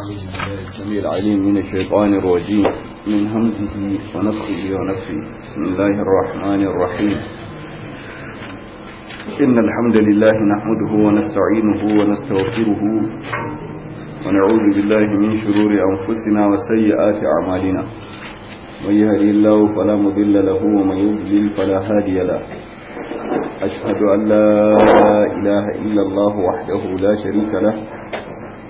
السميع العليم من الشيطان الرجيم من همزه ونفخه ونفخه بسم الله الرحمن الرحيم إن الحمد لله نحمده ونستعينه ونستغفره ونعوذ بالله من شرور أنفسنا وسيئات أعمالنا من يهدي الله فلا مضل له ومن يضلل فلا هادي له أشهد أن لا إله إلا الله وحده لا شريك له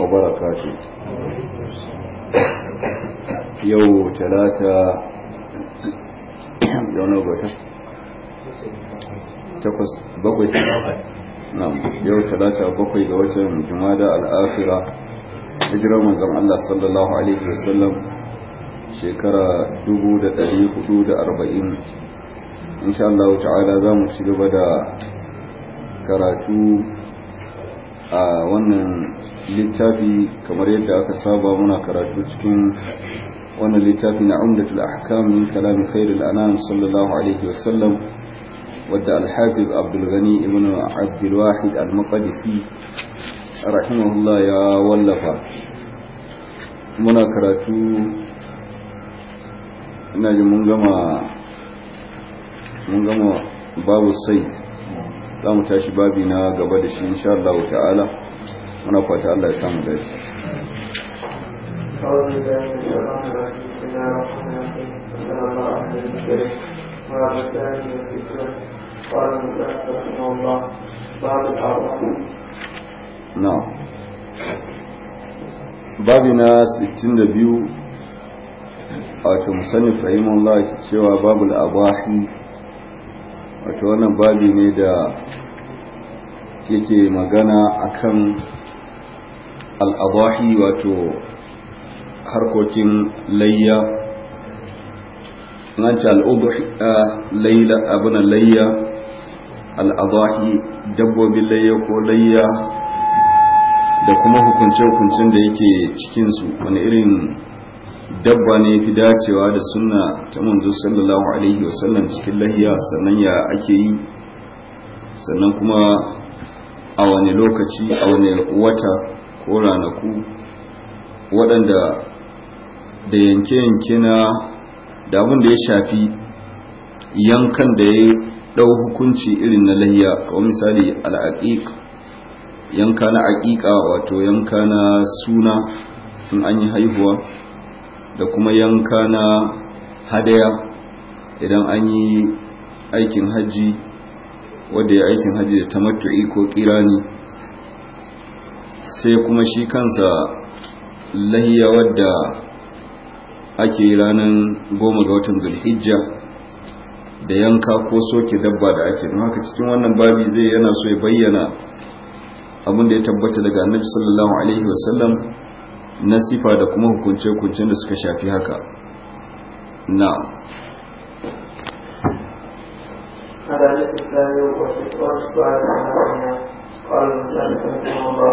وبركاته talata ثلاثة يوم نوبة تقص بقوي نعم يو ثلاثة بقوي قوتهم جمادة الآخرة hijirar manzon Allah sallallahu alaihi wasallam shekara 1440 insha Allah ta'ala zamu ci gaba da karatu a wannan littafi kamar yadda aka saba muna karatu cikin wannan littafi na umdatul ahkam min kalam khairul anam sallallahu alaihi wasallam wadda al-hafiz abdul ghani ibn abdul wahid al-maqdisi rahimahullah ya wallafa muna karatu ina ji mun gama mun gama babu sayyid za mu tashi babi na gaba da shi insha Allah ta'ala muna fata Allah ya samu dace na'am babi na 62 a wato fahimun rahimahullah cewa babu abahi wato wannan babi ne da yake magana akan al'abahi, wato harkokin layya nanci al'adha abin layya al'abahi, dabbobin layya ko layya da kuma hukunce-hukuncen da yake cikinsu wani irin dabba ne fi dacewa da suna ta manzo sallallahu alaihi wasallam cikin lahiya sannan ya ake yi sannan kuma a wani lokaci a wani wata ko ranaku waɗanda da yanke-yanke na damun da ya shafi yankan da ya ɗau hukunci irin na lahiya kawai misali al'aƙiƙa yanka na aƙiƙa wato yanka na suna in an yi haihuwa da kuma yanka na hadaya idan an yi aikin hajji wadda ya aikin hajji da tamattu'i ko kirani sai kuma shi kansa lahiya wadda ake ranar goma ga watan zulhijja da yanka ko soke dabba da ake don haka cikin wannan babi zai yana so ya bayyana abin da ya tabbata daga annabi sallallahu alaihi wasallam na sifa da kuma hukunce-hukuncen da suka shafi haka na الحديث الثاني والسؤال عن قال المسلم رحمه الله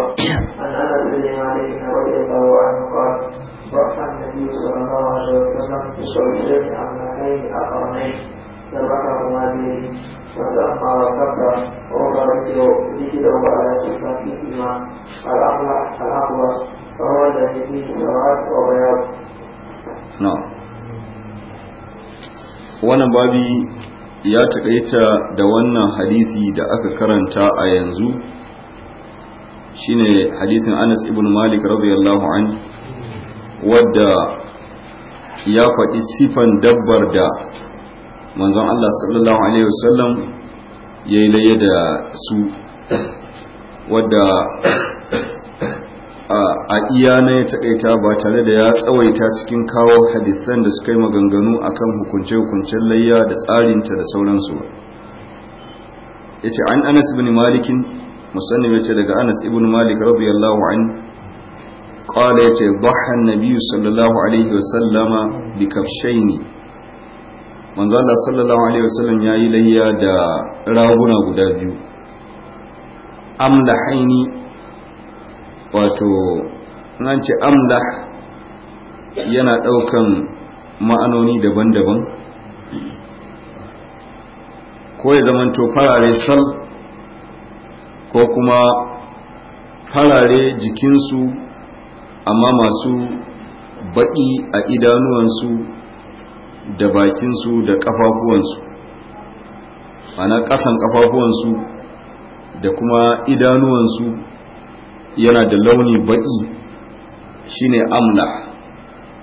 عن انس بن مالك رضي الله عنه قال وقف النبي صلى الله عليه وسلم في الشرطين عمالين اقرنين سبقهما به وسمى وكبر وهو ذكر ذكره على صفاتهما الاقوى الاقوى na wannan babi ya taƙaita da wannan hadisi da aka karanta a yanzu shine hadisin anas ibn malik radiyallahu an wadda ya faɗi sifan dabbar da manzon allah sallallahu alaihi wasallam ya yi laye da su wadda a iya na ya taƙaita ba tare da ya tsawaita cikin kawo hadisan da suka yi maganganu akan hukunce-hukuncen layya da tsarinta da sauransu ba ya ce an anas ibn malikin musamman ya ce daga anas ibn malik radiyallahu an ƙwala ya ce zahan biyu sallallahu alaihi wasallama bi kafshai manzo Allah sallallahu alaihi wasallam ya yi layya da raguna guda biyu haini. wato nan ce amla yana ɗaukan ma'anoni daban-daban ko ya zamanto farare sal ko kuma farare jikinsu amma masu baƙi a idanuwansu da bakinsu da ƙafafuwansu ana ƙasan ƙafafuwansu da kuma idanuwansu yana da launi baƙi shine amla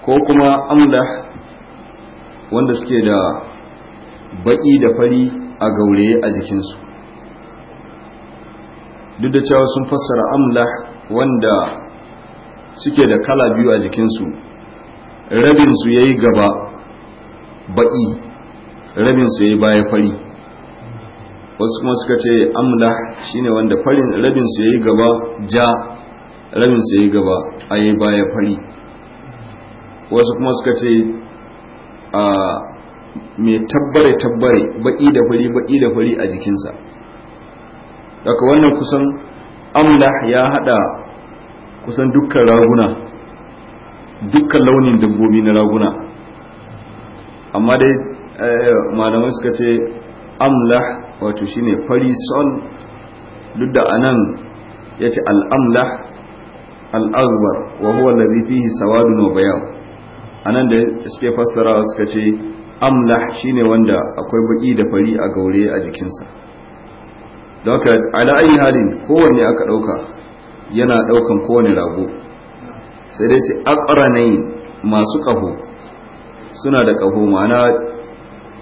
ko kuma amla wanda suke da baƙi da fari a gauraye a jikinsu duk da cewa sun fassara amla wanda suke da kala biyu a jikinsu rabinsu ya yi gaba baƙi rabinsu ya yi baya fari wasu kuma suka ce amla shine wanda farin rabin su yayi gaba ja rabin su yayi gaba ayi baya fari wasu kuma suka ce a mai tabbare tabbare baki da fari baki da fari a jikinsa daga wannan kusan amla ya hada kusan dukkan raguna dukkan launin dabbobi na raguna amma dai eh, malamai suka ce amla wato shine fari sol duk da anan ce al'amla al'azbar wa huwa allazi fihi sawadu no bayan anan da suke fassara suka ce amla shi ne wanda akwai baki da fari a gaure a jikinsa don haka ala halin kowane aka ɗauka yana ɗaukan kowane rago sai dai ce aqranai masu ƙaho suna da kaho ma'ana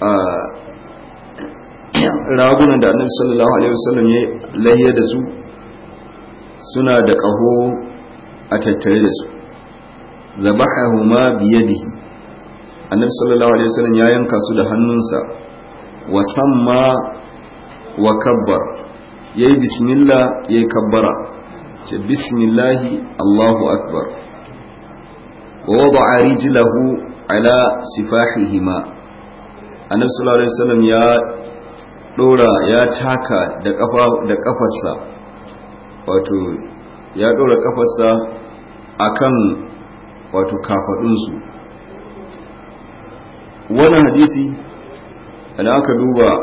ah, ragunan da annabi sallallahu alaihi wasallam ya layya da su suna da ƙaho a tattare da su zabahahuma yadihi annabi sallallahu alaihi wasallam ya yanka su da hannunsa wa samma wa kabbar yayi bismillah yayi kabbara ce bismillahi allahu akbar wa wada'a rijlahu ala sifahihima annabi sallallahu alaihi wasallam ya ɗora ya taka da ƙafarsa wato ya ɗora ƙafarsa a kan wato kafaɗunsu wannan hadisi da aka duba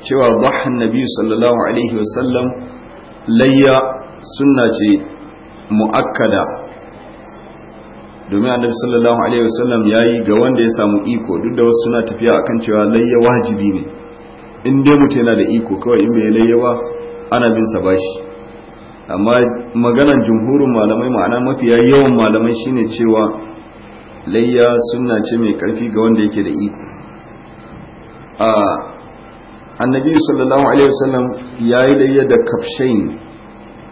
cewa zahan nabi sallallahu alaihi wasallam layya suna ce mu'akkada domin annabi sallallahu alaihi wasallam yayi ga wanda ya samu iko duk da wasu suna tafiya akan cewa layya wajibi ne in dai mutum yana da iko kawai in mai layyawa ana bin sa bashi amma maganar jumhurin malamai ma'ana mafiya yawan malamai shine cewa layya sunna ce mai karfi ga wanda yake da iko a annabi sallallahu alaihi wasallam yayi layya da kafshain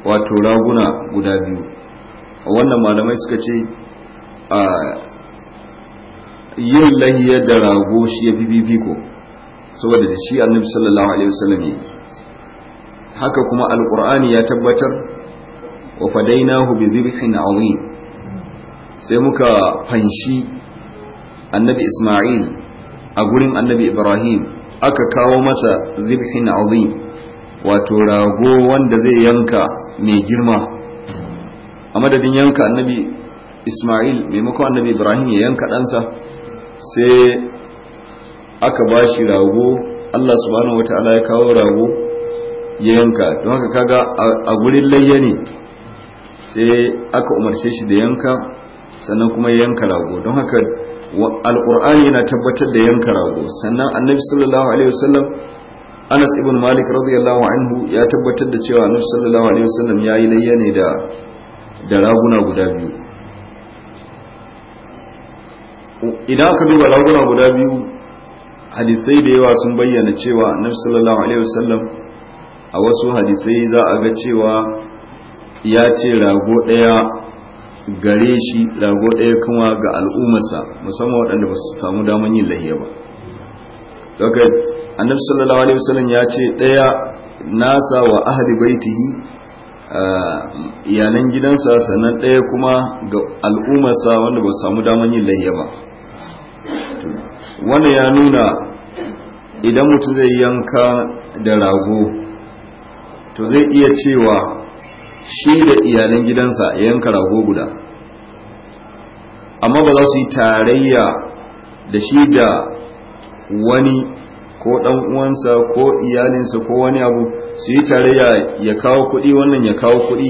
wato raguna guda biyu wannan malamai suka ce a yin layya da rago shi ya fi bibiko saboda da shi annabi sallallahu alaihi wasallam ne haka kuma alqur'ani ya tabbatar wa fadainahu bi dhibhin azim sai muka fanshi annabi isma'il a gurin annabi ibrahim aka kawo masa dhibhin azim wato rago wanda zai yanka mai girma a madadin yanka annabi isma'il maimakon annabi ibrahim ya yanka ɗansa sai aka ba shi rago Allah subhanahu wata'ala ya kawo rago ya yanka don haka kaga a gurin layya ne sai aka umarce shi da yanka sannan kuma ya yanka rago don haka alkur'ani yana tabbatar da yanka rago sannan annabi sallallahu alaihi wasallam anas ibn malik radiyallahu anhu ya tabbatar da cewa annabi sallallahu alaihi wasallam ya yi layya ne da da raguna guda biyu idan aka duba raguna guda biyu hadisai da yawa sun bayyana cewa annabi sallallahu alaihi wasallam a wasu hadisai za a ga cewa ya ce rago daya gare shi rago daya kuma ga al'ummarsa musamman waɗanda ba su samu daman yin lahiya ba daga annabi sallallahu alaihi wasallam ya ce ɗaya nasa wa ahli baitihi iyalan gidansa sannan ɗaya kuma ga al'ummarsa wanda ba su samu daman yin lahiya ba wannan ya nuna idan mutum zai yanka da rago to zai iya cewa shi da iyalin gidansa yanka rago guda amma ba za su yi tarayya da shi da wani ko dan uwansa ko iyalinsa ko wani abu su yi tarayya ya kawo kuɗi wannan ya kawo kuɗi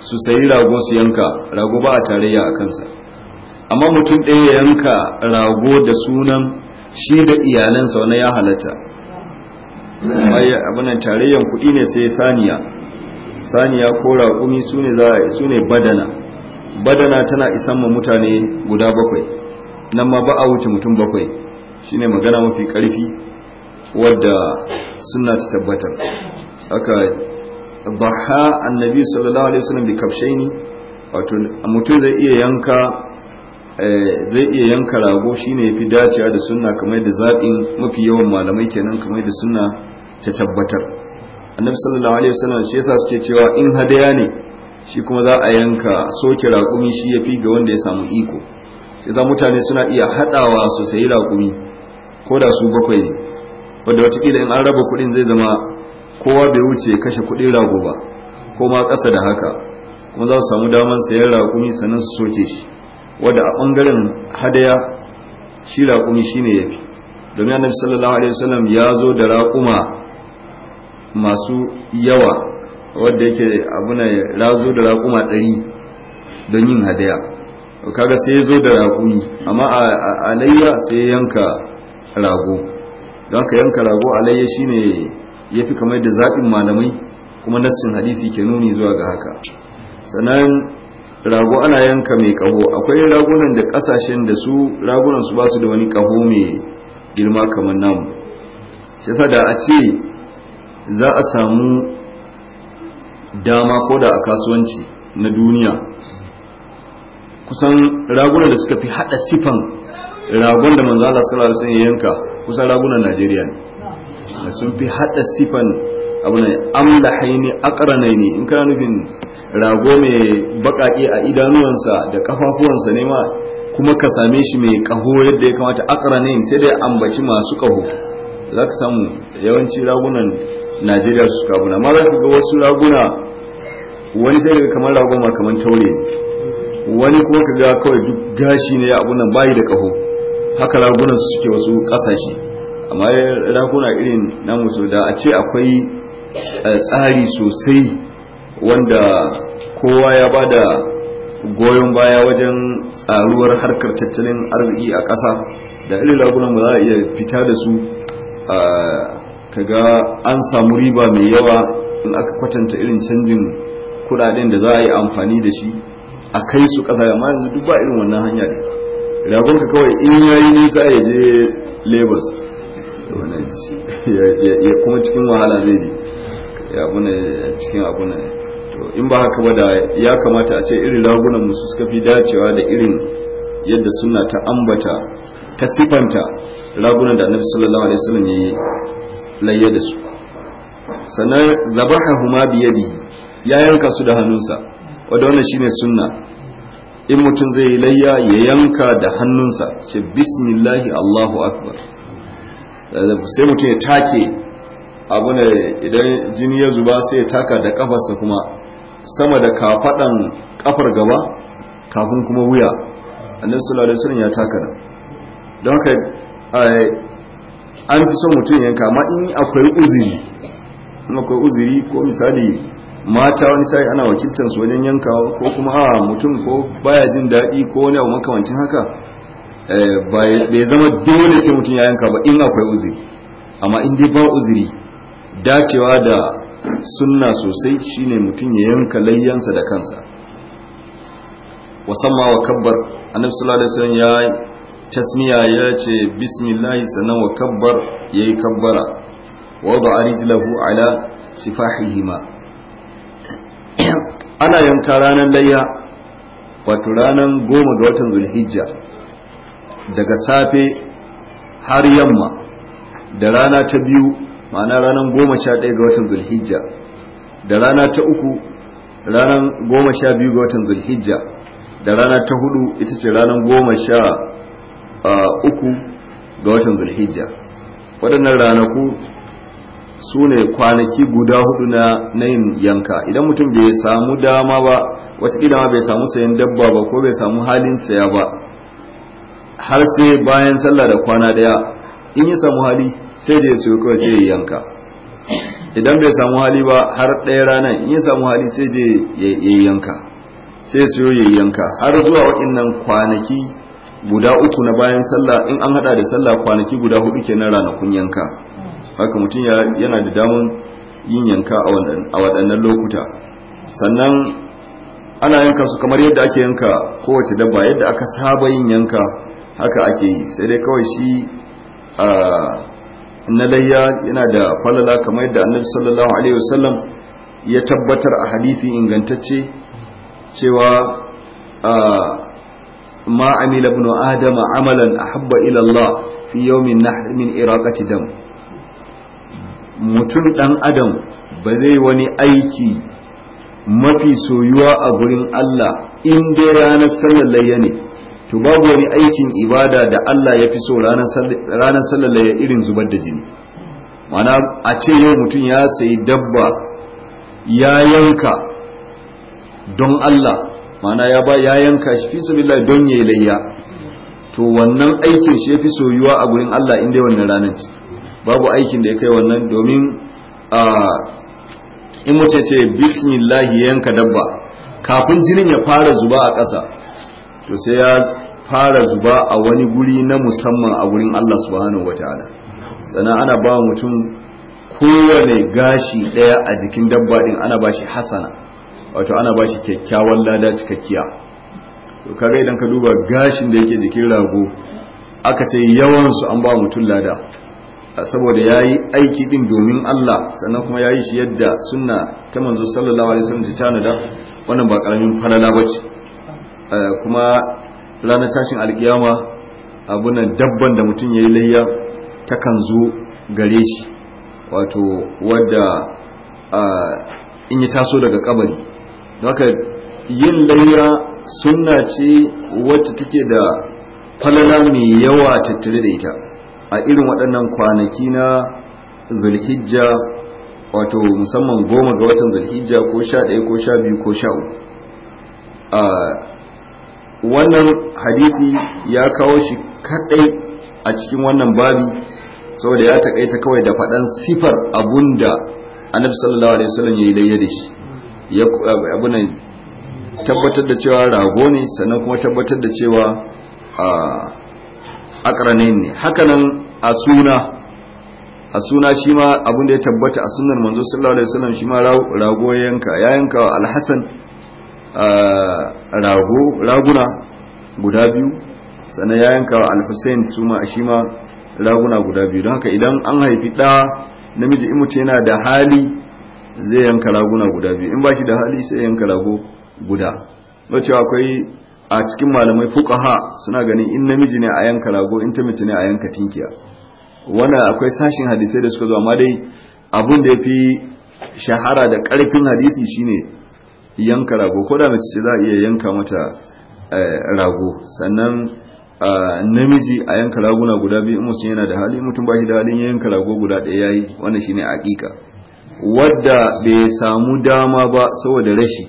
su sayi rago su yanka rago ba a tarayya a kansa amma mutum ɗaya yanka rago da sunan shi da iyalansa wani ya halatta abinan tarayyan kuɗi ne sai saniya saniya ko raƙumi su ne badana badana tana isan ma mutane guda bakwai nan ma ba a wuce mutum bakwai Shi ne magana mafi ƙarfi wadda suna ta tabbatar aka baha annabi sallallahu alaihi wasallam bi kafshaini wato mutum zai iya yanka Eh, zai iya yanka rago shine fi dacewa da sunna kamar da zaɓin mafi yawan malamai kenan kamar da sunna ta tabbatar annabi sallallahu alaihi wasallam shi yasa suke cewa in hadaya ne shi kuma za a yanka soke raƙumi shi yafi ga wanda ya samu iko yasa mutane suna iya haɗawa su sayi raƙumi ko da su bakwai ne wanda watakila in an raba kuɗin zai zama kowa bai wuce kashe kuɗin rago ba ko ma ƙasa da haka kuma za su samu damar sayan raƙumi sannan su soke shi wadda a bangaren hadaya shi raƙumi shine yafi domin annabi sallallahu alaihi wasallam ya zo da raƙuma masu yawa wadda yake abuna ya zo da raƙuma ɗari don yin hadaya kaga sai ya zo da raƙumi amma a layya sai ya yanka rago don ka yanka rago a layya shine ya fi kamar da zaɓin malamai kuma nassin hadisi ke nuni zuwa ga haka sannan rago ana yanka mai kaho akwai ragunan da kasashen da su ragunan su basu da wani kaho mai girma kamar namu shi yasa da a ce za a samu dama ko da a kasuwanci na duniya kusan ragunan da suka fi hada sifan ragon da Allah sallallahu alaihi wasallam yanka kusan ragunan Najeriya ne sun fi hada sifan abu ne amlahaini aqranaini in kana nufin rago mai bakaƙe a idanuwansa da kafafuwansa ne ma kuma ka same shi mai kaho yadda ya kamata ne sai dai ambaci masu kaho za ka samu yawanci ragunan najeriya su kabuna ma za ka ga wasu raguna wani sai daga kamar rago ma kamar taure wani kuma ka ga kawai duk gashi ne ya abunan bayi da kaho haka ragunan su suke wasu kasashe amma raguna irin namu so da a ce akwai eh, tsari sosai wanda kowa ya ba da goyon baya wajen tsaruwar harkar tattalin arziki a ƙasa da irin lagunan ba za a iya fita da su kaga an samu riba mai yawa in aka kwatanta irin canjin kudaden da za a yi amfani da shi a kai su ƙasa amma yanzu duk ba irin wannan hanya da ragonka kawai in ya yi nisa ya je lagos ya kuma cikin wahala zai je ya cikin cikin ne. in ba haka ba da ya kamata a ce irin ragunan musu suka fi dacewa da irin yadda suna ta ambata ta sifanta ragunan da annabi sallallahu alaihi wasallam ya layya da su sannan bi biyadihi ya yanka su da hannunsa wanda wannan shine sunna in mutum zai yi layya ya yanka da hannunsa ce bismillahi allahu akbar sai mutum ya take abu ne idan jini ya zuba sai ya taka da kafarsa kuma sama da kafadan kafar gaba kafin kuma wuya annan sallallahu alaihi ya taka nan don haka eh, an fi son mutum yanka amma in akwai uziri in akwai uziri ko misali mata wani sai ana wakiltar su wajen yanka ko kuma a mutum ko baya jin daɗi ko wani abu makamancin haka eh, bai zama dole sai mutum ya yanka ba in akwai uziri amma in dai ba uziri dacewa da sunna sosai shine mutum ya yanka layyansa da kansa wasamma wa kabbar annabi sallallahu alaihi wasallam ya tasmiya ya ce bismillah sannan wa kabbar yayi kabbara wada arijlahu ala sifahihima ana yanka ranar layya wato ranar goma ga watan zulhijja daga safe har yamma da rana ta biyu ma'ana ranar goma sha ɗaya ga watan zulhijja da rana ta uku ranar goma sha biyu ga watan zulhijja da rana ta hudu ita ce ranar goma sha uku ga watan zulhijja waɗannan ranaku su ne kwanaki guda hudu na nayin yanka idan mutum bai samu dama ba watakila ma bai samu sayan dabba ba ko bai samu halin saya ba har sai bayan sallah da kwana daya in yi samu hali sai da ya siyo kawai sai ya yanka idan bai samu hali ba har ɗaya rana in ya samu hali sai je ya yanka sai siyo ya yanka har zuwa waɗannan kwanaki guda uku na bayan sallah in an hada da sallah kwanaki guda hudu kenan ranakun yanka haka mutum yana da damun yin yanka a waɗannan lokuta sannan ana yanka su kamar yadda ake yanka kowace dabba yadda aka saba yin yanka haka ake yi sai dai kawai shi ah, na layya yana da falala kamar yadda annabi sallallahu alaihi wasallam ya tabbatar a hadisi ingantacce cewa ma amila ibn adama amalan ahabba ila Allah fi yawmin nahr min iraqati dam mutum dan adam ba zai wani aiki mafi soyuwa a gurin Allah in dai ranar sallar layya ne to babu wani aikin ibada da Allah ya fi so ranar sallar ya irin zubar da jini mana a ce yau mutum ya sayi dabba ya yanka don Allah mana ya ba ya yanka shi fi sabillah don ya layya to wannan aikin shi ya fi soyuwa a gurin Allah inda wannan ranar babu aikin da ya kai wannan domin a in mace ce bismillah yanka dabba kafin jinin ya fara zuba a ƙasa to sai ya fara zuba a wani guri na musamman a gurin Allah subhanahu wataala sannan ana ba mutum kowane gashi daya a jikin dabba din ana ba shi hasana wato ana ba shi kyakkyawan lada cikakkiya to kaga idan ka duba gashin da yake jikin rago aka ce yawan su an ba mutum lada saboda yayi aiki din domin Allah sannan kuma ya yi shi yadda sunna ta manzo sallallahu alaihi wasallam ta nada wannan ba karamin falala bace Eh, kuma ranar tashin alkiyama abunan dabban da mutum ya yi layya takan zo gare shi wato wadda eh, in yi taso daga kabari haka yin layya sunna ce wacce take da falala mai yawa tattare da ita a irin waɗannan kwanaki na zulhijja wato musamman goma ga watan zulhijja ko sha ɗaya ko sha biyu ko sha uku ah, wannan hadisi ya kawo shi kadai a cikin wannan babi saboda ya takaita kawai da faɗan sifar abunda annabi sallallahu alaihi wasallam ya yi da shi ya eh, abuna tabbatar da cewa rago ne sannan kuma tabbatar da cewa akaranain ne hakanan a suna a suna shi ma abin da ya tabbata a sunnar manzo sallallahu alaihi wasallam shi ma rago ya yanka ya yanka alhasan rago raguna guda biyu sannan ya yanka wa alfusain su ma shi ma raguna guda biyu don haka idan an haifi ɗa namiji in mutu yana da hali zai yanka raguna guda biyu in ba shi da hali sai yanka rago guda wacewa akwai a cikin malamai ha suna ganin in namiji ne a yanka rago in ta mace ne a yanka tinkiya wannan akwai sashin hadisai da suka zo amma dai abun da ya fi shahara da ƙarfin hadisi shine yanka rago ko da mace ce za a iya yanka mata eh, rago sannan namiji a yanka raguna guda biyu in yana da hali mutum ba shi da halin yanka rago guda ɗaya yayi wannan shine aƙiƙa wadda bai samu dama ba saboda rashi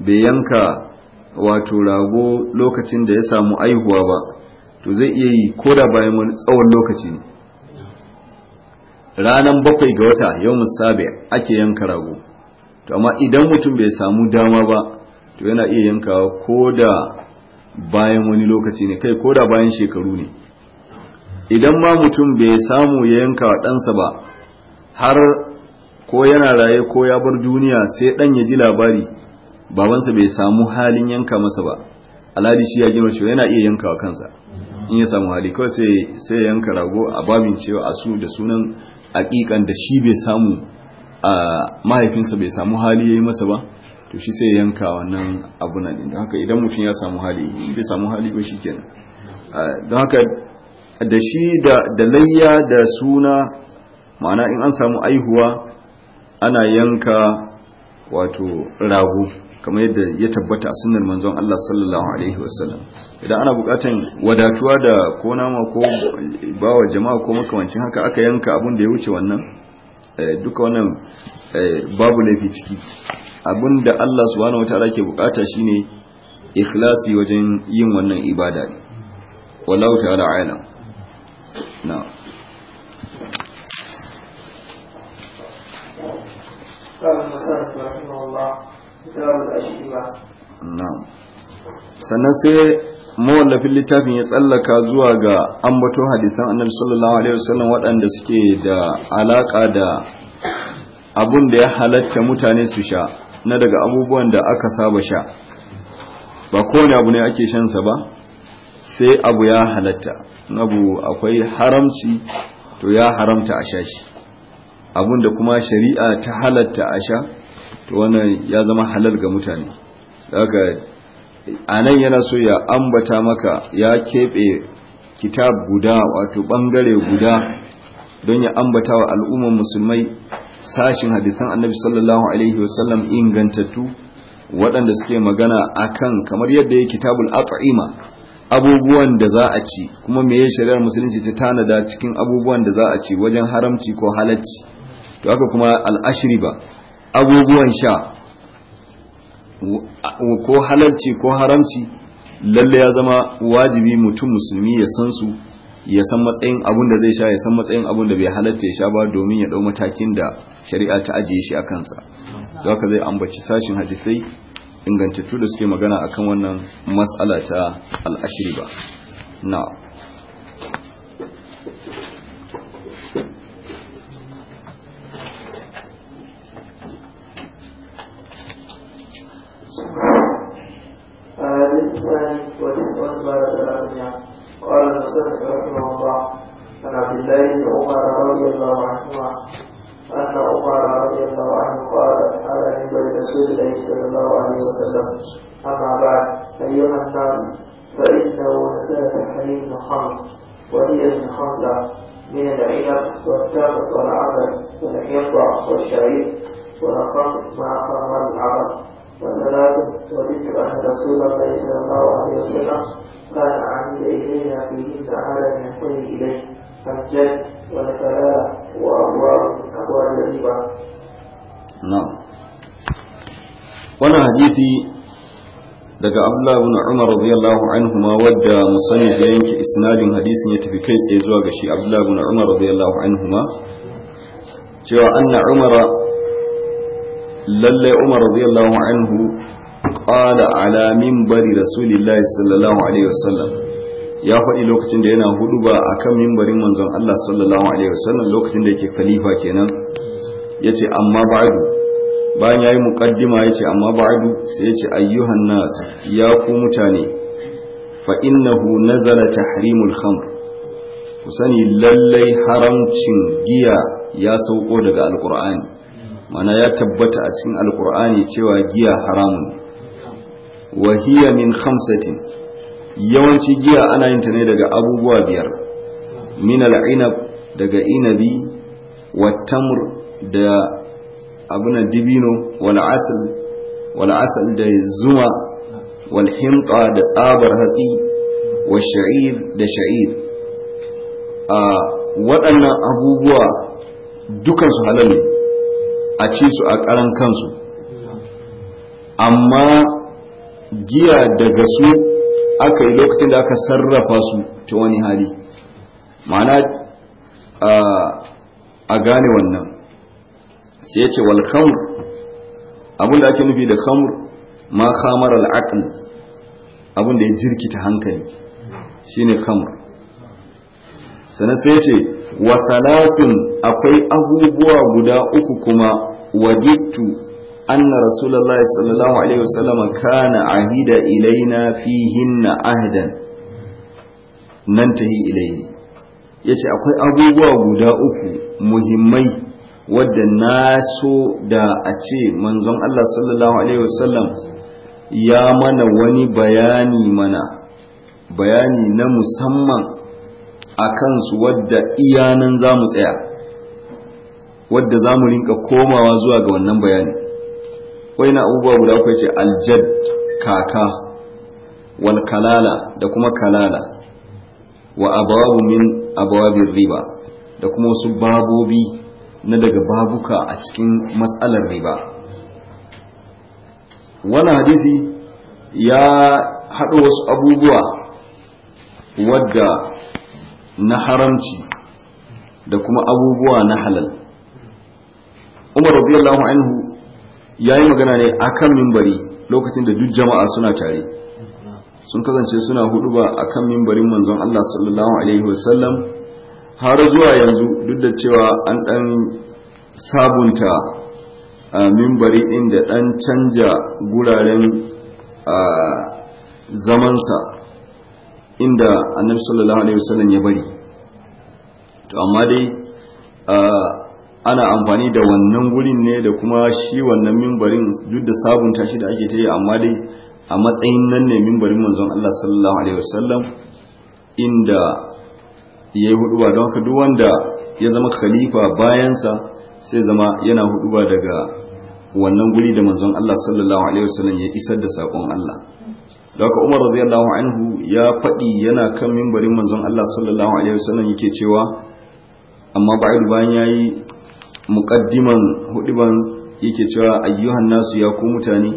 bai yanka wato rago lokacin da ya samu aihuwa ba to zai iya yi ko da bayan wani tsawon lokaci ranan bakwai ga wata yau musabe ake yanka rago to amma idan mutum bai samu dama ba to yana iya yankawa ko da bayan wani lokaci ne kai ko da bayan shekaru ne idan ma mutum bai samu ya yanka wa ɗansa ba har ko yana raye ko ya bar duniya sai ɗan ya ji labari babansa bai samu halin yanka masa ba alhali shi ya gina shi yana iya yanka wa kansa in ya samu hali kawai sai ya yanka rago a babin cewa a su da sunan aƙiƙan da shi bai samu a mahaifinsa bai samu hali ya yi masa ba to shi sai yanka wannan abu na din haka idan mutum ya samu hali in bai samu hali ba shi kenan don haka da shi da layya da suna ma'ana in an samu aihuwa ana yanka wato rago kamar yadda ya tabbata a sunan manzon Allah sallallahu alaihi wasallam idan ana bukatan wadatuwa da ko nama ko bawa jama'a ko makamancin haka aka yanka abun da ya wuce wannan Eh, duka wannan eh, babu laifi ciki abinda Allah subhanahu wataala ke bukata shine ikhlasi wajen yin wannan ibada ne wallahu ta'ala alam na sannan sai mawallafin littafin ya tsallaka zuwa ga ambato hadisan annabi sallallahu alaihi wasallam waɗanda suke da alaƙa da abun da ya halatta mutane su sha na daga abubuwan da aka saba sha ba kowane abu ne ake shansa ba sai abu ya halatta abu akwai haramci to ya haramta a sha shi abun da kuma shari'a ta halatta a sha to wannan ya zama halal ga mutane daga a nan yana so ya ambata maka ya keɓe kitab guda wato ɓangare guda don ya ambata wa al'ummar musulmai sashin hadithan annabi sallallahu alaihi wasallam ingantattu waɗanda suke magana akan kamar yadda ya kitabul at'ima abubuwan da za a ci kuma meye shari'ar musulunci ta tanada cikin abubuwan da za a ci wajen haramci ko halacci to haka kuma ba. abubuwan sha ko halalci ko haramci lalle ya zama wajibi mutum musulmi ya san su ya san matsayin abun da zai sha ya san matsayin abun da bai halatta ya sha ba domin ya dau matakin da shari'a ta ajiye shi a kansa haka zai ambaci sashin hadisai ingantattu da suke magana akan wannan matsala ta al'ashiri ba na'am عبد الله بن عمر رضي الله عنهما أن عمر رضي الله عنه قال على عند رسول الله صلى الله عليه وسلم أما بعد أيها الناس فإنه ثلاث حليم خمر وهي الخمسة من العنب والتمر والعسل والحنطة والشعير ونقص مع قمر العرب والثلاثة وذكر أن رسول الله صلى الله عليه وسلم كان عن إلينا فيهن على من يحتوي إليه حجاج ونفلاء wannan hadisi daga Abdullah ibn Umar radiyallahu anhu ma wadda musannif ya yanke isnadin hadisin ya tafi kai tsaye zuwa ga shi Abdullah ibn Umar radiyallahu anhu ma cewa anna Umar lalle Umar radiyallahu anhu qala ala minbari rasulillahi sallallahu alaihi wasallam ya faɗi lokacin da yana hudu ba a kan mimbarin manzon Allah sallallahu alaihi wasallam lokacin da yake khalifa kenan ya ce amma ba'adu bayan ya yi muƙaddima ya ce amma ba'adu sai ya ce ayyuhan nas ya ku mutane fainnahu innahu nazala tahrimul khamr ku sani lallai haramcin giya ya sauko daga alkur'ani mana ya tabbata a cikin alkur'ani cewa giya haramun wa hiya min khamsatin yawanci giya ana yin ta ne daga abubuwa biyar min inab daga inabi wa tamr da abuna dibino wal asal wal asal da zuma wal da tsabar hatsi wa sha'ir da sha'ir a waɗannan abubuwa dukansu halal ne a ci su a ƙaran kansu amma giya daga su aka yi lokacin da aka sarrafa su ta wani hali ma'ana a gane wannan sai ya ce wal khamr abin da ake nufi da khamr ma khamar al abin da ya jirkita hankali shine khamr sannan sai ya ce wa salasin akwai abubuwa guda uku kuma wajittu أن رسول الله صلى الله عليه وسلم كان عهد إلينا فيهن عهدا ننتهي إليه yace akwai abubuwa guda uku muhimmai wadda na so da a ce manzon Allah sallallahu alaihi wasallam ya mana wani bayani mana bayani na musamman a kansu wadda iyanan za mu tsaya wadda za mu rinka komawa zuwa ga wannan bayani wai na abubuwa guda kuwa ce aljad kaka wal kalala da kuma kalala wa abawabu min abawabin riba da kuma wasu babobi na daga babuka a cikin matsalar riba wannan hadisi ya haɗo wasu abubuwa wadda na haramci da kuma abubuwa na halal umar radiyallahu anhu ya yi magana ne a kan mimbari lokacin da duk jama'a suna tare sun kasance suna hudu ba a kan mimbarin manzon Allah sallallahu alaihi wasallam har zuwa yanzu duk da cewa an ɗan sabunta mimbari inda ɗan canja guraren zamansa inda annabi sallallahu alaihi wasallam ya bari to amma dai ana amfani da wannan gurin ne da kuma shi wannan mimbarin duk da sabunta shi da ake ta yi amma dai a matsayin nan ne mimbarin manzon Allah sallallahu alaihi wasallam inda ya yi huduba don haka duk wanda ya zama khalifa bayansa sai zama yana huduba daga wannan guri da manzon Allah sallallahu alaihi wasallam ya isar da sakon Allah don haka Umar radiyallahu anhu ya faɗi yana kan mimbarin manzon Allah sallallahu alaihi wasallam yake cewa amma bayan bayan yayi muqaddiman hudiban yake cewa ayyuhan nasu ya ku mutane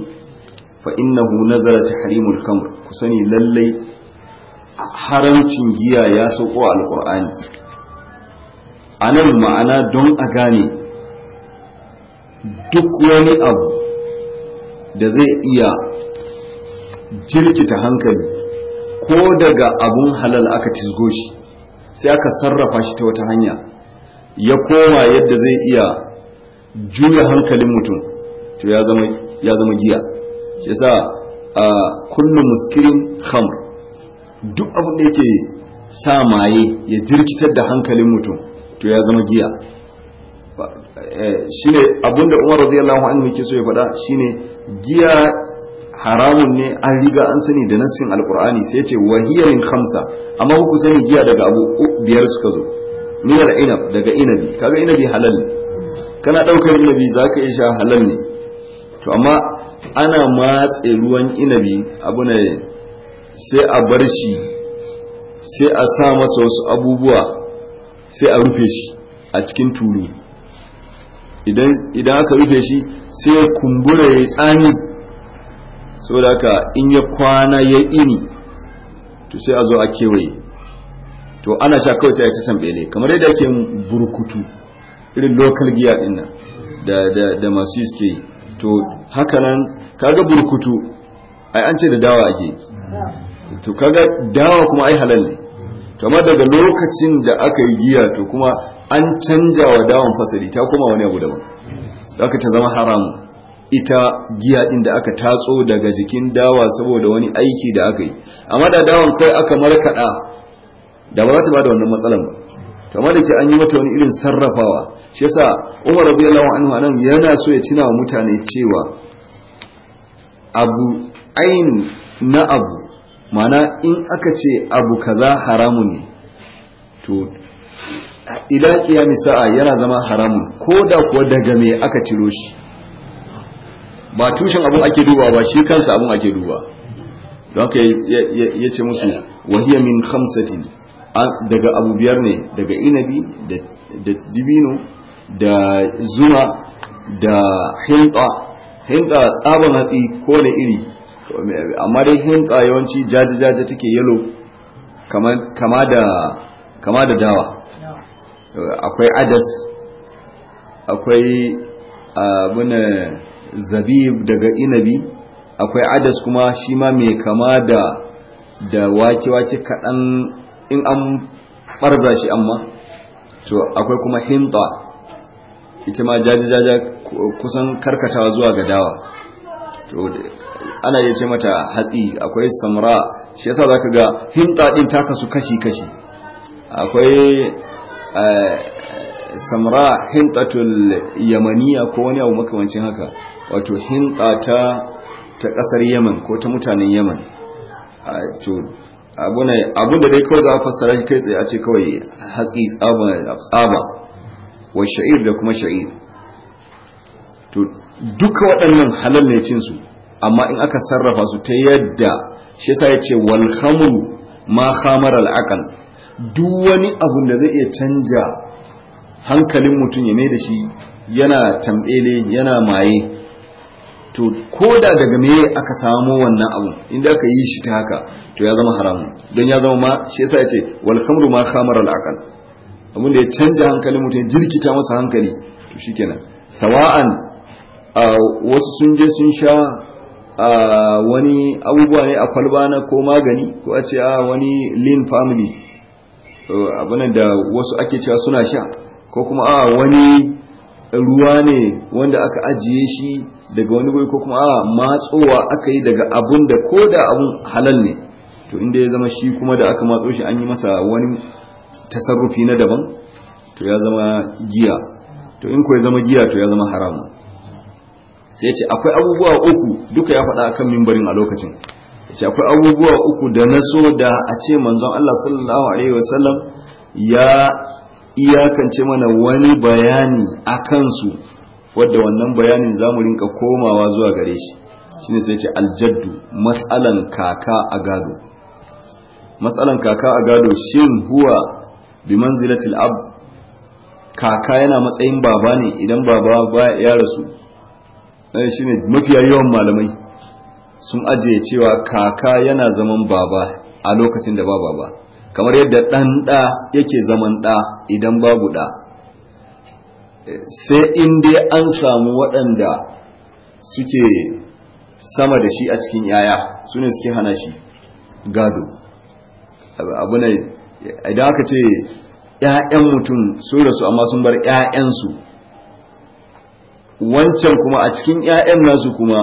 fa innahu nazara tahrimul khamr ku sani lallai haramcin giya ya sauko a alqur'ani anan ma'ana don a gane duk wani abu da zai iya jirkita hankali ko daga abun halal aka tisgo shi sai aka sarrafa shi ta wata hanya ya koma yadda zai iya juya hankalin mutum to ya zama giya shi yasa a kullum muskirin hamr duk abin da yake sa maye ya jirkitar da hankalin mutum to ya zama giya eh, ne abinda Umar radiyallahu anhu yake so ya faɗa shine giya haramun ne an riga an sani da nassin alkur'ani sai ce wahiya min khamsa amma ku sani giya daga abu biyar suka zo minar inab daga inabi kaga inabi halal ne kana ɗaukar inabi zaka iya sha halal ne to amma ana matse ruwan inabi abu ne sai a bar shi sai a sa masa wasu abubuwa sai a rufe shi a cikin turu idan aka rufe shi sai ya kumbura ya tsani saboda haka in ya kwana ya ini to sai a zo a kewaye to ana sha kawai sai ta ci ne kamar yadda ake burkutu irin local giya din nan da da da masu suke to haka nan kaga burkutu ai an ce da dawa ake to kaga dawa kuma ai halal ne amma daga lokacin da aka yi giya to kuma an canja wa dawan fasali ta koma wani abu daban zaka ta zama haramun ita giya din da aka tatso daga jikin dawa saboda wani aiki da aka yi amma da dawan kai aka markaɗa da ba za ta bada wannan matsalan ba kamar da ke an yi mata wani irin sarrafawa shi yasa umar radiyallahu anhu anan yana so ya cina wa mutane cewa abu ain na abu mana in aka ce abu kaza haramu ne to idan qiyami sa'a yana zama haramun ko da kuwa daga me aka ciro shi ba tushen abun ake duba ba shi kansa abun ake duba don haka ya ce musu wahiyamin min daga abu biyar ne daga inabi da dibino da zuma da hinta hinta tsaban hatsi ko da iri amma dai hinta yawanci jaje-jaje take yalo kama da dawa akwai adas akwai abuna zabib daga inabi akwai adas kuma shi ma mai kama da wake-wake kaɗan in an barza shi amma to akwai kuma hinta ita ma jajajaja kusan karkatawa zuwa ga dawa to ana yace mata hatsi akwai samra shi yasa zaka ga hinta din ta kasu kashi kashi akwai eh, samra hintatul yamaniya ko wani abu makamancin haka wato hinta ta ta kasar yaman ko ta mutanen yaman ah, to abu ne abu da dai kawai za a fassara shi kai tsaye a ce kawai hatsi tsaba tsaba wa sha'ir da kuma sha'ir to duka waɗannan halal ne cinsu amma in aka sarrafa su ta yadda shi yasa yace wal khamru ma hamar al aqal duk wani abu da zai iya canja hankalin mutum ya mai da shi yana tambele yana maye to koda daga me aka samo wannan abu inda aka yi shi ta haka to ya zama haramun don ya zama ma shi yasa yace wal khamru ma khamara al aqal abun da ya canja hankalin mutum ya jirkita masa hankali to shikenan sawa'an wasu sun je sun sha wani abubuwa ne a kwalba na ko magani ko a ce a wani lean family abunan da wasu ake cewa suna sha ko kuma a wani ruwa ne wanda aka ajiye shi daga wani guri ko kuma a matsowa aka yi daga abun da ko da abun halal ne to inda ya zama shi kuma da aka matso shi an yi masa wani tasarrufi na daban to ya zama giya to in ko ya zama giya to ya zama haramu sai ce akwai abubuwa uku duka ya faɗa akan mimbarin a lokacin ce akwai abubuwa uku da na so da a ce manzon Allah sallallahu alaihi wasallam ya iyakance mana wani bayani a kansu wadda wannan bayanin za mu rinka komawa zuwa gare shi shine sai ce aljaddu matsalan kaka a gado matsalan kaka a gado shin huwa bi manzilatil ab kaka yana matsayin baba ne idan baba ba ya rasu dan eh, shine mafiya yawan malamai sun ajiye cewa kaka yana zaman baba a lokacin da ba baba kamar yadda ɗan ɗa yake zaman ɗa idan babu ɗa sai in dai an samu waɗanda suke sama da shi a cikin yaya su ne suke hana shi gado abu ne idan aka ce 'ya'yan mutum sun rasu amma sun bar 'ya'yansu wancan kuma a cikin 'ya'yan nasu kuma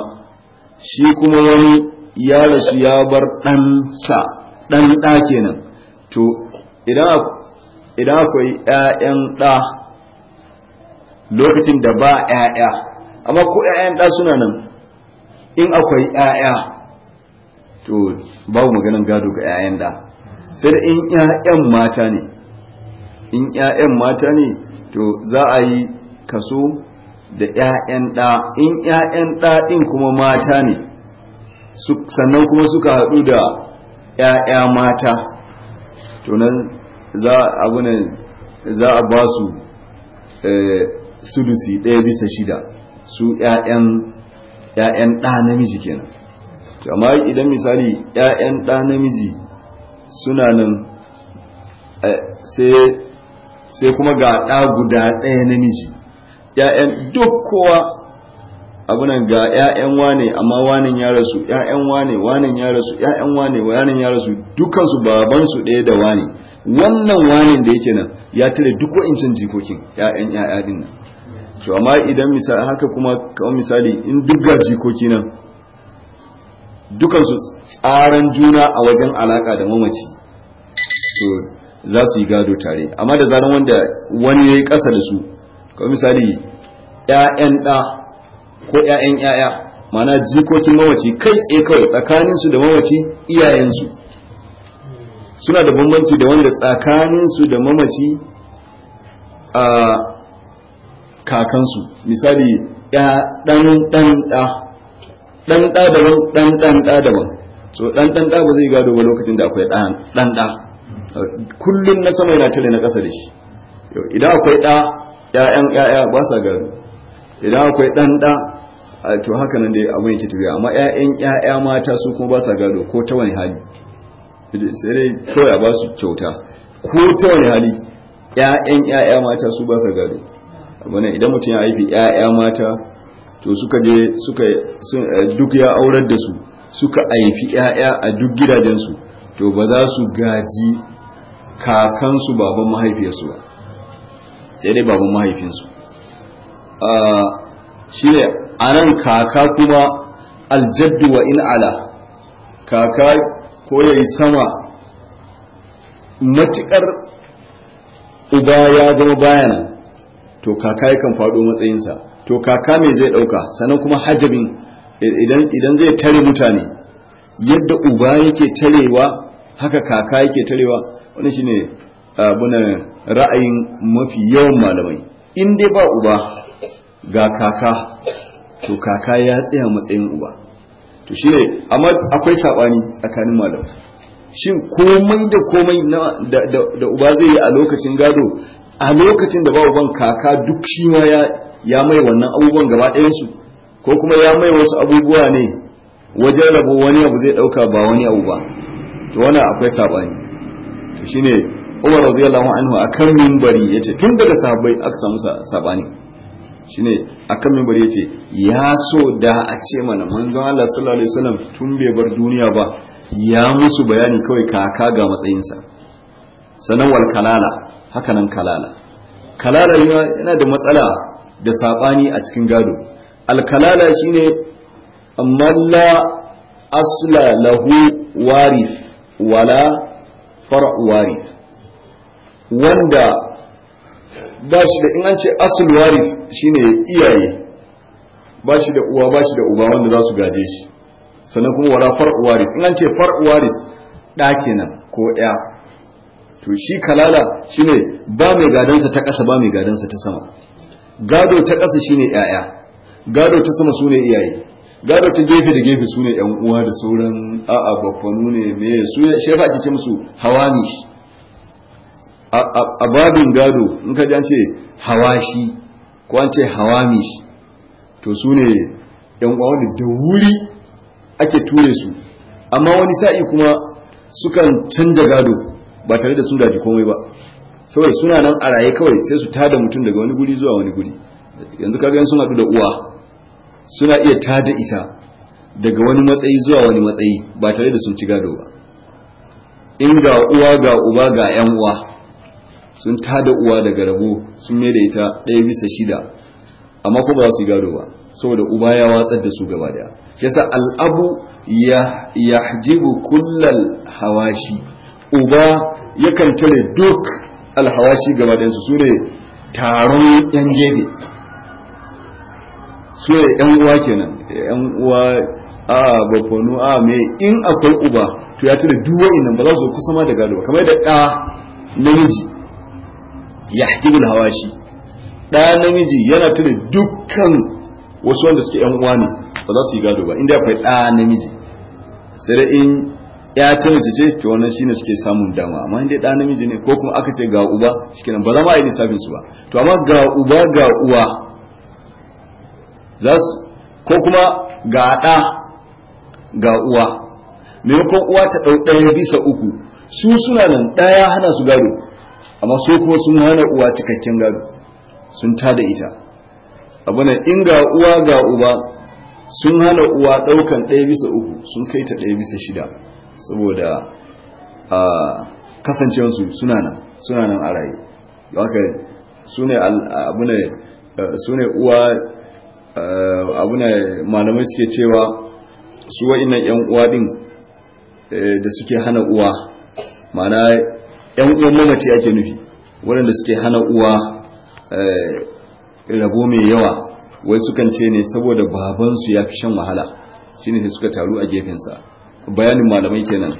shi kuma wani ya rasu ya bar ɗansa ɗan ɗa kenan to idan akwai ‘ya'yan ɗa lokacin da ba ‘ya'ya amma ko ‘ya'yan ɗa suna nan in akwai ‘ya'ya to babu maganin gado ga ‘ya'yan ɗa sai da in ‘ya'yan mata ne in ‘ya'yan mata ne to za a yi kaso da ‘ya'yan ɗa in ‘ya'yan ɗa ɗin kuma mata ne sannan kuma suka haɗu da ‘ya'ya mata tunan za abunan za a ba su sulusi ɗaya bisa shida su ‘ya'yan ɗa namiji kenan amma idan misali ‘ya'yan ɗa namiji suna nan eh, sai kuma ga ɗa guda ɗaya namiji ‘ya'yan duk kowa abunan ga 'ya'yan wane amma wanen ya rasu 'ya'yan wane wanen ya rasu 'ya'yan wane wanen ya rasu dukkan su baban su ɗaya da wane wannan wanen da yake nan ya tare duk wa'incin jikokin 'ya'yan ‘ya’ya din nan to amma idan misali haka kuma kawai misali in duk jikoki nan dukkan tsaran juna a wajen alaka da mamaci to za su yi gado tare amma da zaran wanda wani ya yi ƙasa da su kawai misali 'ya'yan ɗa ko ƴaƴan ƴaƴa mana jikokin mawaci kai tsaye kawai tsakaninsu da mawaci iyayensu suna da bambanci da wanda tsakaninsu da mamaci a kakansu misali ya dan dan da dan da daban dan dan da daban so dan dan da ba zai gado ba lokacin da akwai dan dan da kullun na sama yana tare na ƙasa da shi idan akwai da ƴaƴan ƴaƴa ba sa gado idan akwai dan da to haka nan dai abin yake tafiya amma ƴaƴan ƴaƴa mata su kuma ba sa gado ko ta wani hali sai dai kawai a ba su kyauta ko ta wani hali ƴaƴan ƴaƴa mata su ba sa gado abin idan mutum ya haifi ƴaƴa mata to suka je suka eh, duk ya aurar da su suka haifi ƴaƴa a duk gidajensu to ba za su gaji kakansu baban mahaifiyarsu ba sai dai baban mahaifinsu ah, shi ne Anan kaka kuma aljaddu wa in ala kaka ko sama matukar uba ya zama bayanan to kaka yakan faɗo matsayinsa to kaka me zai ɗauka sanan kuma hajabin idan zai tare mutane yadda uba yake tarewa haka kaka yake tarewa wani shine abuna ra'ayin mafi yawan malamai in dai ba uba ga kaka to kaka ya tsaya matsayin uba to shine amma akwai sabani tsakanin malam shin komai da komai da uba zai yi a lokacin gado a lokacin da babu ban kaka duk shi ma ya mai wannan abubuwan gaba ɗayansu ko kuma ya mai wasu abubuwa ne wajen rabo wani abu zai ɗauka ba wani abu ba to wani akwai sabani to shine umar radiyallahu anhu akan minbari yace tun daga sahabbai aka samu sabani shine akan mimbar yace ya so da a ce mana manzon Allah sallallahu alaihi wasallam tun bai bar duniya ba ya musu bayani kawai kaka ga matsayinsa sanan wal kalala haka kalala kalala yana da matsala da sabani a cikin gado al kalala shine amma la asla lahu warif wala far warif wanda ba shi da in an ce asul warith shine iyaye ba shi da uwa ba shi da uba wanda za su gaje shi sannan kuma wala far warith in an ce far warith da kenan ko ɗaya to shi kalala shine ba mai gadansa ta ƙasa ba mai gadansa ta sama gado ta ƙasa shine 'ya'ya. gado ta sama sune iyaye gado ta gefe da gefe sune ƴan uwa da sauran a'a baffanu ne me su shi yasa ake ce musu shi a babin gado in ka ji an ce hawashi ko an ce hawamish to su ne yan uwa da wuri ake ture su amma wani sa'i kuma sukan canja gado ba tare da sun daji komai ba saboda suna nan a raye kawai sai su tada mutum daga wani guri zuwa wani guri yanzu kaga sun haɗu da uwa suna iya tada ita daga wani matsayi zuwa wani matsayi ba tare da sun ci gado ba in ga uwa ga uba ga yan uwa sun tada uwa daga rabo sun mai da ita ɗaya bisa shida amma ko ba za su gado ba saboda uba ya watsar da su gaba daya shi yasa al'abu ya hajibu kullal hawashi uba yakan tare duk alhawashi gaba su ne taron yan gefe su ne yan uwa kenan yan uwa a bafonu a me in akwai uba to ya tare duwa inan ba za su kusa ma da gado ba kamar da ɗa namiji hawa shi. da namiji yana tuna dukkan wasu wanda suke yan uwa ne ba za su yi gado ba inda akwai ɗa namiji sai da in ya ta mace ce to wannan ne suke samun dama amma inda ɗa namiji ne ko kuma aka ce ga uba shi kenan ba za ma a yi lissafin su ba to amma ga uba ga uwa za su ko kuma ga ɗa ga uwa maimakon uwa ta ɗau ɗaya bisa uku su suna nan ɗaya hana su gado amma so kuma sun hana uwa cikakken gado sun tada ita abu ne in ga uwa ga uba sun hana uwa daukan ɗaya bisa uku sun kai ta ɗaya bisa shida saboda a kasancewarsu suna nan suna nan a rayu haka su ne uwa abu ne malamai suke cewa su wa'innan 'yan uwa din eh, da suke hana uwa ma'ana. yan uwan mamaci ake nufi waɗanda suke hana uwa eh, rabo mai yawa wai sukan ce ne saboda babansu ya fi shan wahala shine sai suka taru a gefensa bayanin malamai kenan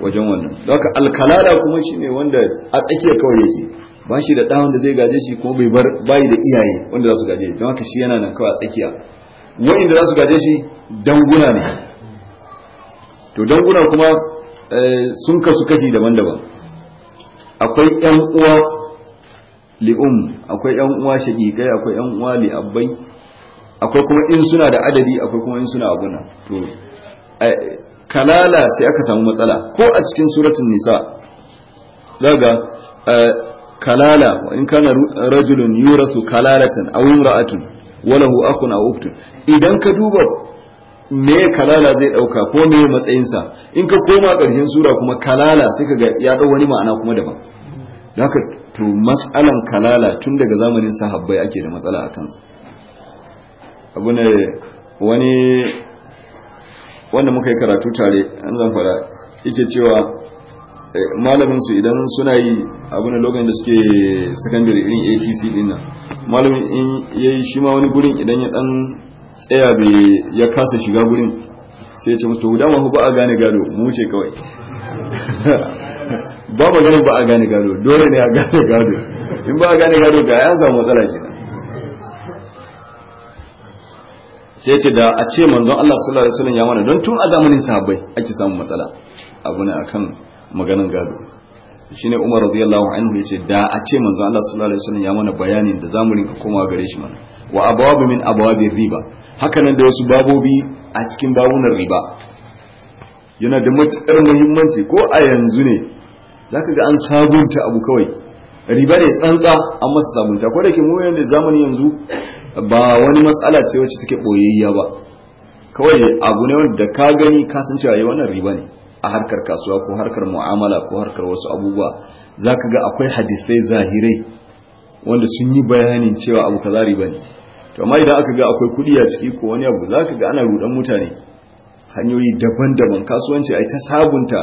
wajen wannan haka alkalala kuma shine wanda a tsakiya kawai yake ba shi da ɗawon da zai gaje shi ko bai bar bayi da iyaye wanda za su gaje don haka shi yana nan kawai a tsakiya wa'inda za su gaje shi danguna ne to danguna kuma eh, sun kasu kashi daban-daban akwai yan uwa li'um akwai yan uwa shagigai akwai yan uwa li'abbai akwai kuma in suna da adadi akwai kuma in suna abuna to kalala sai aka samu matsala ko a cikin suratun nisa daga eh, kalala in kana rajulun yurasu kalalatan aw imra'atun walahu akhun aw idan ka duba me kalala zai dauka ko me matsayinsa in ka koma ƙarshen sura kuma kalala sai ka ga ya dau wani ma'ana kuma daban haka to mas'alan kalala tun daga zamanin sahabbai ake da matsala a kansa abu ne wani wanda muka yi karatu tare an zan fara yake cewa eh, malamin su idan suna yi abu ne lokacin da suke secondary irin ATC din nan malamin in yayi shi ma wani gurin idan ya dan tsaya bai ya kasa shiga gurin sai ce musu mafi ba a gane gado mu wuce kawai ba ba gane ba a gane gado dole ne a gane gado in ba a gane gado ga ya samu matsala kenan sai ce da a ce manzon Allah sallallahu alaihi wasallam ya mana don tun a zamanin sahabbai ake samun matsala abu ne akan maganan gado shine Umar radiyallahu anhu yace da a ce manzon Allah sallallahu alaihi wasallam ya mana bayanin da zamu rinka koma gare shi mana wa abawabu min abawabi riba hakanan da wasu babobi a cikin babunan riba yana da matuƙar muhimmanci ko a yanzu ne za ka ga an sabunta abu kawai riba ne tsantsa an masa sabunta ko da ke muyan da zamani yanzu ba wani matsala ce wacce take ɓoyayya ba kawai abu ne wanda ka gani ka san cewa eh, wannan riba ne a harkar kasuwa ko harkar mu'amala ko harkar wasu abubuwa za ka ga akwai hadisai zahirai wanda sun yi bayanin cewa abu kaza riba ne kama idan aka ga akwai kuɗi a ciki ko wani abu za ka ga ana rudan mutane hanyoyi daban-daban kasuwanci ai ta sabunta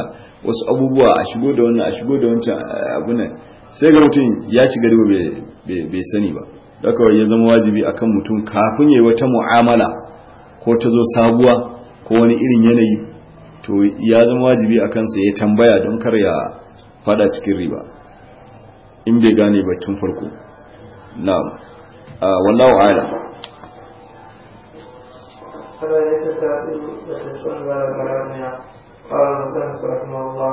wasu abubuwa a shigo da wannan a shigo da wancan abunan sai ga mutum ya shiga riba bai sani ba da kawai ya zama wajibi akan mutum kafin ya yi wata mu'amala ko ta zo sabuwa ko wani irin yanayi to ya zama wajibi a kansa ya tambaya don kar ya fada cikin riba in bai gane ba tun farko na'am والله أعلم قال المصنف رحمه الله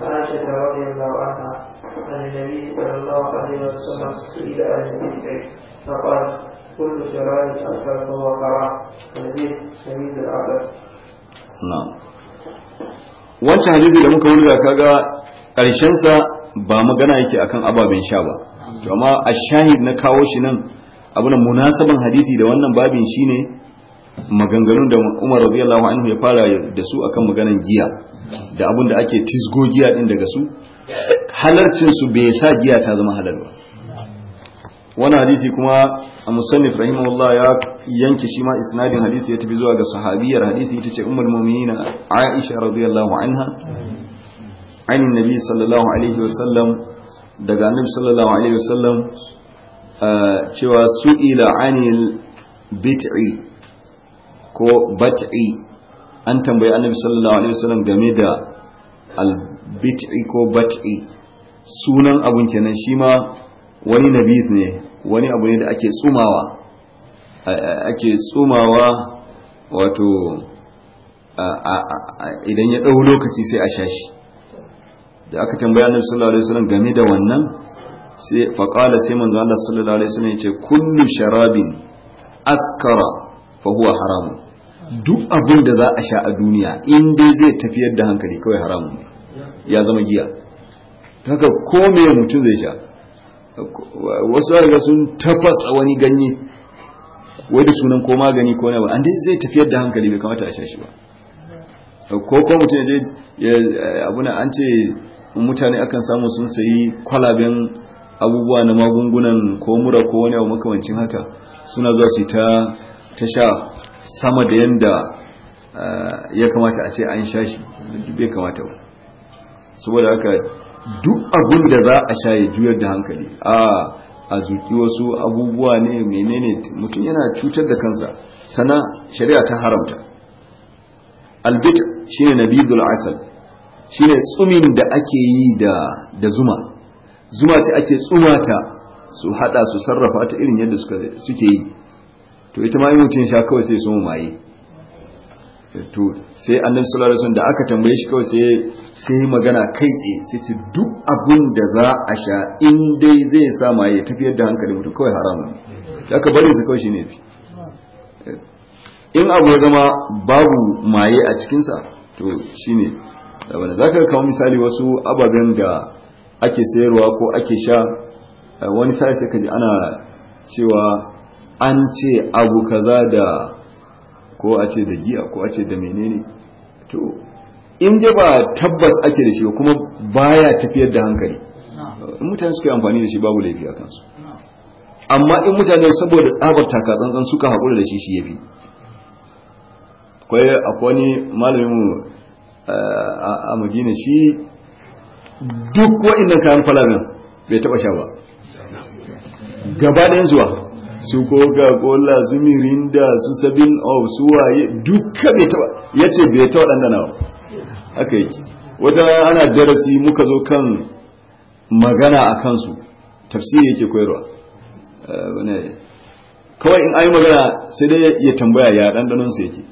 عن عائشة رضي الله عنها عن النبي صلى الله عليه وسلم سئل عن البدع فقال كل شرائع أسفل هو قرار الحديث سميد العبد نعم wancan hadisi da muka wurga kaga ƙarshensa ba magana yake akan ababen sha ba to amma ashahid na kawo shi nan abin munasaban hadisi da wannan babin shine maganganun da Umar radiyallahu anhu ya fara da su akan maganan giya da abun da ake tisgo giya din daga su halarcin su bai sa giya ta zama halal ba wannan hadisi kuma a musannif rahimahullah ya yanke shi ma isnadin hadisi ya tafi zuwa ga sahabiyar hadisi ita ce ummul mu'minin Aisha radiyallahu anha anin nabi sallallahu alaihi wasallam daga annabi sallallahu alaihi wasallam cewa su'ila anil bit'i ko bat'i an tambayi annabi sallallahu alaihi wasallam game da al bit'i ko bat'i sunan abun kenan shi ma wani nabi ne wani abu ne da ake tsumawa ake tsumawa wato idan ya ɗau lokaci sai a shashi da aka tambayi annabi sallallahu alaihi wasallam game da wannan sai faƙala sai manzo Allah sallallahu alaihi wasallam yace kullu sharabin askara fa huwa haram duk abin da za a sha a duniya in dai zai tafiyar da hankali kawai haram ne ya zama giya haka ko me mutum zai sha wasu daga sun tafasa wani ganye wai da sunan ko magani ko nawa an dai zai tafiyar da hankali bai kamata a sha shi ba ko ko mutum ya je abuna an ce mutane akan samu sun sayi kwalaben abubuwa na magungunan ko mura ko wani abu makamancin haka suna zuwa su ta tasha sama da yanda eh, ya kamata a ce an sha shi bai kamata ba saboda haka duk abin da za a sha ya juyar da hankali a a zuki wasu abubuwa ne menene mutum yana cutar da kansa sana shari'a ta haramta albit shine nabidul asal shine tsumin da ake yi da da zuma zuma ce ake tsumata su hada su sarrafa ta irin yadda suke yi to ita ma yi mutum sha kawai sai sun maye to sai annabi sallallahu sun da aka tambaye shi kawai sai sai magana kai tsaye sai ce duk abin da za a sha in dai zai sa maye tafiyar yadda hankali mutum kawai haram ne aka bari su kawai ne fi in abu ya zama babu maye a cikinsa to shine da wanda ka kawo misali wasu ababen da ake sayarwa ko ake sha eh, wani sai sai kaji ana cewa an ce abu kaza da ko a ce da giya ko a ce da menene to in dai ba tabbas ake da shi kuma baya tafiyar da hankali in mutane suka yi amfani da shi babu laifi a kansu amma in mutane saboda tsabar takatsantsan suka haƙura da shi shi yafi akwai akwai wani malamin mu eh, a madina shi duk wa'annan kayan kwalaben bai taba sha ba gaba da zuwa su coca kola su mirinda su sabin of su waye duka bai taba ya ce bai taba ɗanɗana ba haka yake wata ana darasi muka zo kan magana a kansu tafsiri yake koyarwa eh, kawai in ayi magana sai dai ya tambaya ya ɗanɗanonsu yake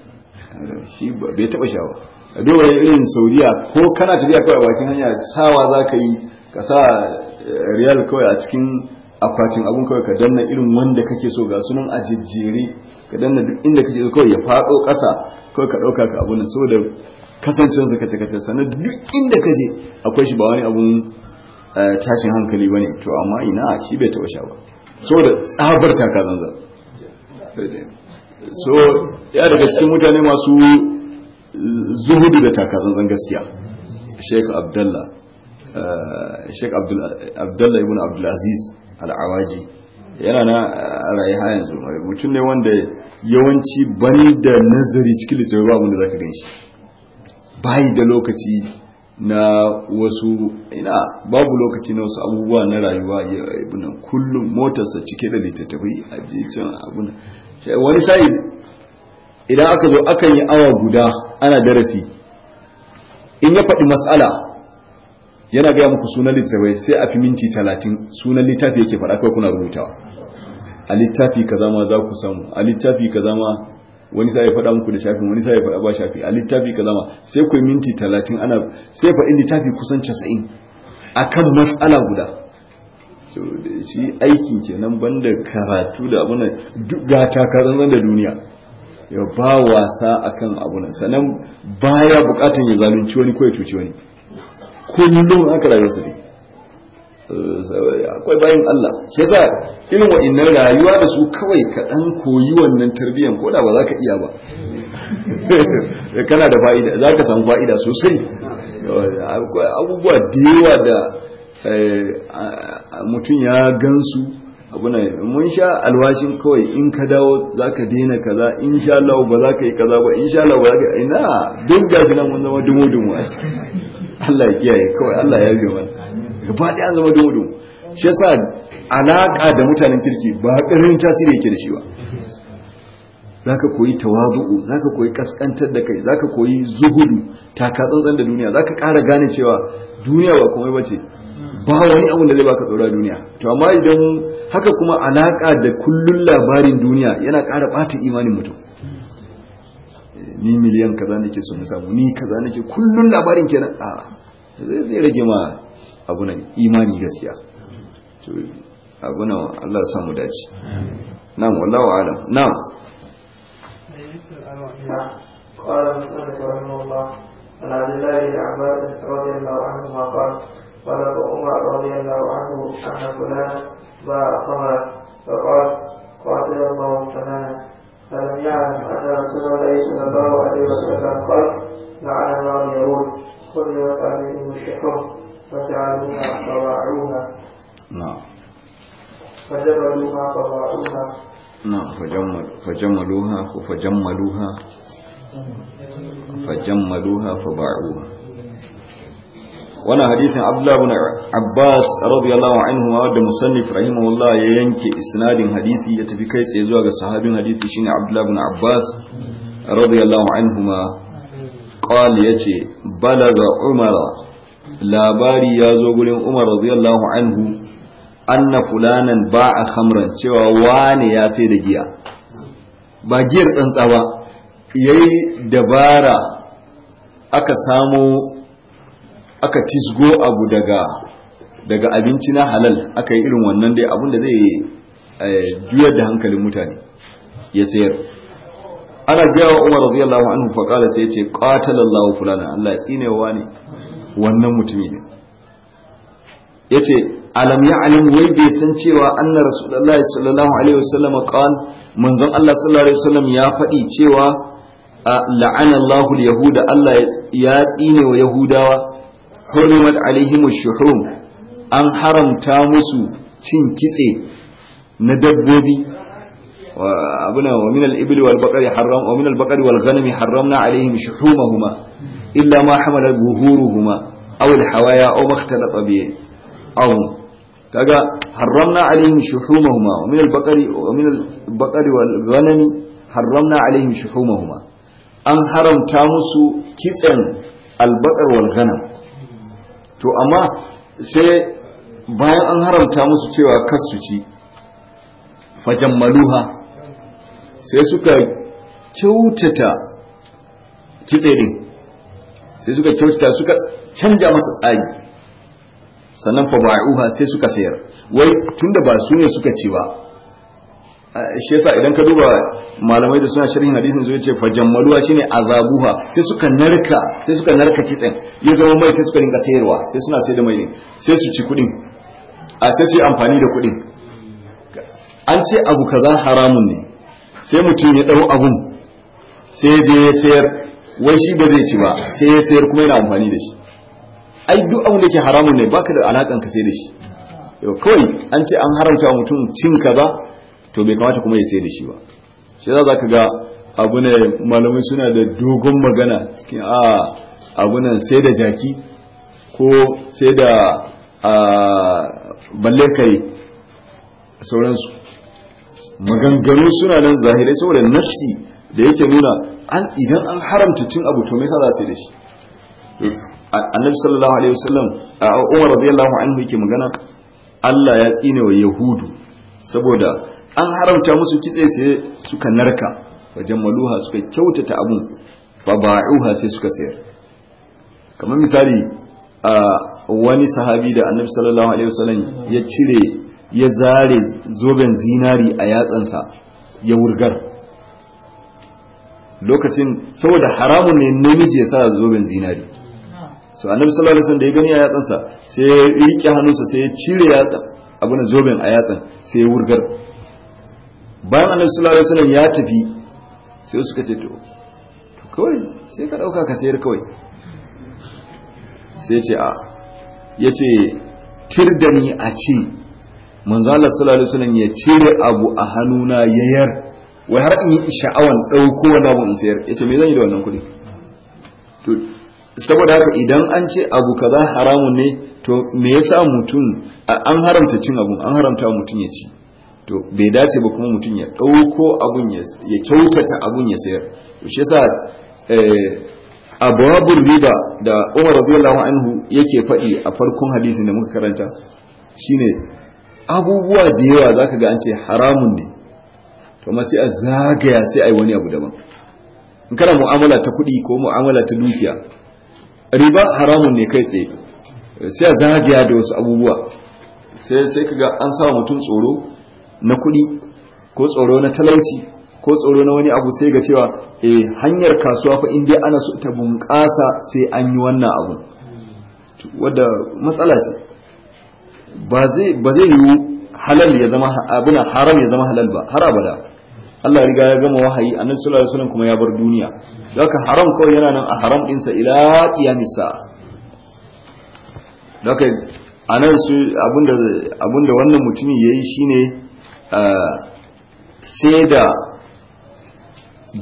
shi bai taba sha ba a duba irin saudiya ko kana tafiya kawai a bakin hanya sawa za ka yi ka sa eh, riyal kawai a cikin akwatin abun kawai ka danna irin wanda kake so ga sunan a jejjere ka danna duk inda kake so kawai ya faɗo ƙasa kawai ka ɗauka ka abun saboda kasancewarsa kace kace sannan duk inda ka je akwai shi ba wani abun eh, tashin hankali bane to amma ina shi bai taɓa sha ba saboda tsabar ta kazanza so ya daga cikin mutane masu zuhudu da takatsantsan gaskiya Sheikh abdallah eh, sheik abdullah ibn abdulaziz al'awaji yana na eh, rayu ha yanzu mutum ne wanda yawanci bani da nazari cikin littafi babu da zaka gan shi bayi da lokaci na wasu ina babu lokaci na wasu abubuwa na rayuwa ibn kullum motarsa cike da littattafai a jicin abun wani sai idan aka zo akan yi awa guda ana darasi in ya faɗi matsala yana gaya muku sunan littattafai sai a fi minti talatin sunan littafi yake faɗa kawai kuna rubutawa a littafi kaza ma za ku samu a littafi kaza ma wani sai ya faɗa muku da shafi, wani sai ya faɗa ba shafi a littafi kaza ma sai ku minti talatin ana sai faɗi littafi kusan casa'in A kan matsala guda shi aikin kenan banda karatu da abin duk gata ka zanzan da duniya ya ba wasa akan abu sanan sannan baya bukatan ya zalunci wani ko ya cuci wani ko kullum haka rayuwarsa ne eh, akwai bayan Allah shi yasa irin wa'annan rayuwa da su kawai kaɗan koyi wannan tarbiyyar ko da ba za ka iya ba kana da fa'ida za ka samu fa'ida sosai abubuwa da yawa da eh, mutum ya gansu abuna mun sha alwashin kawai in ka dawo za ka daina kaza in sha Allah ba za ka yi kaza ba in sha Allah ba za ka yi na duk gashi nan mun zama dumu dumu a cikin Allah ya kiyaye kawai Allah ya biyo mana gaba ɗaya an zama dumu dumu shi yasa alaka da mutanen kirki ba ƙaramin tasiri yake da shi ba za ka koyi tawazu'u za ka koyi kaskantar da kai za ka koyi zuhudu taka tsantsan da duniya za ka ƙara gane cewa duniya ba komai ba ce ba wani abin da zai baka tsoron duniya to amma idan haka kuma alaƙa da kullun labarin duniya yana ƙara ɓata imanin mutum ni miliyan kaza nake so na samu ni kaza nake kullun labarin kenan a zai rage ma abuna imani gaskiya to abuna Allah ya samu dace na'am wallahu a'lam na'am قال عن عبد الله بن عباس رضي الله عنهما قال قال عمر رضي الله عنه أن فلانا باع قمرا فقال قاتل الله فلانا فلم يعلم أن رسول الله صلى الله عليه وسلم قال لعن الله اليهود خذلت عليهم الشكر فجعلوها فواعوها نعم فجملوها فواعوها نعم فجملوها فجملوها فجملوها فباعوها wannan hadithin abdullah bin abbas radiyallahu anhu wa da musannif rahimahullah ya yanke isnadin hadithi ya tafi kai tsaye zuwa ga sahabin hadithi shine abdullah bin abbas radiyallahu anhu ma qal yace balaga umar labari ya zo gurin umar radiyallahu anhu anna fulanan ba'a khamran cewa wane ya sai da giya ba giyar tsantsa ba yayi dabara aka samo aka tisgo abu daga daga abinci na halal aka yi irin wannan dai abinda zai eh, juyar da hankalin mutane ya sayar ana jawa umar radiyallahu anhu fa qala sai yace qatalallahu fulana Allah ya tsinewa ne wannan mutumi ne yace alam ya'lam wai bai san cewa anna rasulullahi sallallahu alaihi wasallam qala manzon Allah sallallahu alaihi wasallam ya faɗi cewa la'ana Allahu yahuda Allah ya tsine wa yahudawa hurrimat alaihim shuhum an haramta musu cin kitse na dabbobi abuna wa min al-ibli wal baqari haram wa min al-baqari wal ghanami harramna alaihim shuhumahuma illa ma hamalat zuhuruhuma aw al-hawaya aw ma ikhtalata bihi aw kaga harramna alaihim shuhumahuma wa min al-baqari wa min al-baqari wal ghanami harramna alaihim shuhumahuma an haramta musu kitsen albakar walgana to amma sai bayan an haramta musu cewa kasu su ci fajammaluha sai suka kyautata kitse din sai suka kyautata suka canja masa tsari sannan fa ba'uha sai suka sayar wai tunda ba su ne suka ci ba shi yasa idan ka duba malamai da suna sharhin hadisin zai ce fajammaluwa shine azabuha sai suka narka sai suka narka kitsen ya zama mai sai suka rinka sayarwa sai suna sai da mai sai su ci kudin a sai su yi amfani da kudin an ce abu kaza haramun ne sai mutum ya dau abun sai je ya sayar wai shi ba zai ci ba sai ya sayar kuma yana amfani da shi ai duk abun da ke haramun ne baka da alakan ka sai da shi kawai an ce an haramta mutum cin kaza to bai kamata kuma ya sai da shi ba shi za ka ga abu ne malamai suna da dogon magana cikin a nan sai da jaki ko sai da balle kai sauransu maganganu suna nan zahirai saboda nafsi da yake nuna an idan an haramta cin abu to me yasa za su da shi annabi sallallahu alaihi wasallam a umar radiyallahu anhu yake magana Allah ya tsine wa yahudu saboda an haramta musu kitse sai suka narka wajen maluha suka kyautata abun fa ba'uha sai suka sayar kamar misali a wani sahabi da annabi sallallahu alaihi wasallam ya cire ya zare zoben zinari a yatsansa ya wurgar lokacin saboda haramun ne namiji ya sa zoben zinari so annabi sallallahu alaihi wasallam da ya gani a yatsansa sai ya rike hannunsa sai ya cire yatsa abin zoben a yatsan sai ya wurgar bayan annabi sallallahu alaihi wasallam ya tafi sai suka ce to kawai sai ka dauka ka sayar kawai sai ce a yace tirdani a ce manzo Allah sallallahu alaihi wasallam ya cire abu a hannuna yayar wai har in yi sha'awan dauko wani abu in sayar yace me zan yi da wannan kudi to saboda haka idan an ce abu kaza haramun ne to me yasa mutum an haramta cin abu an haramta mutum ya ci to bai dace ba kuma mutum ya ɗauko abun ya kyautata abun ya sayar to shi yasa eh, abwabur riba da Umar radiyallahu anhu yake faɗi a farkon hadisin da muka karanta shine abubuwa da yawa zaka ga an ce haramun ne to ma sai a zagaya sai ai wani abu daban in kana mu'amala ta kuɗi ko mu'amala ta dukiya riba haramun ne kai tsaye sai a zagaya da wasu abubuwa sai sai kaga an sawa mutum tsoro na kuɗi ko tsoro na talauci ko tsoro na wani abu sai ga cewa eh hanyar kasuwa fa in ana so ta bunƙasa sai an yi wannan abu wadda matsala ce ba zai yiwu halal ya zama haram ya zama halal ba har abada Allah riga ya gama wahayi annabi sallallahu alaihi wasallam kuma ya bar duniya haka haram kawai yana nan a haram sa ila qiyamisa sa'a haka anan su abinda abinda wannan mutumin yayi shine sai da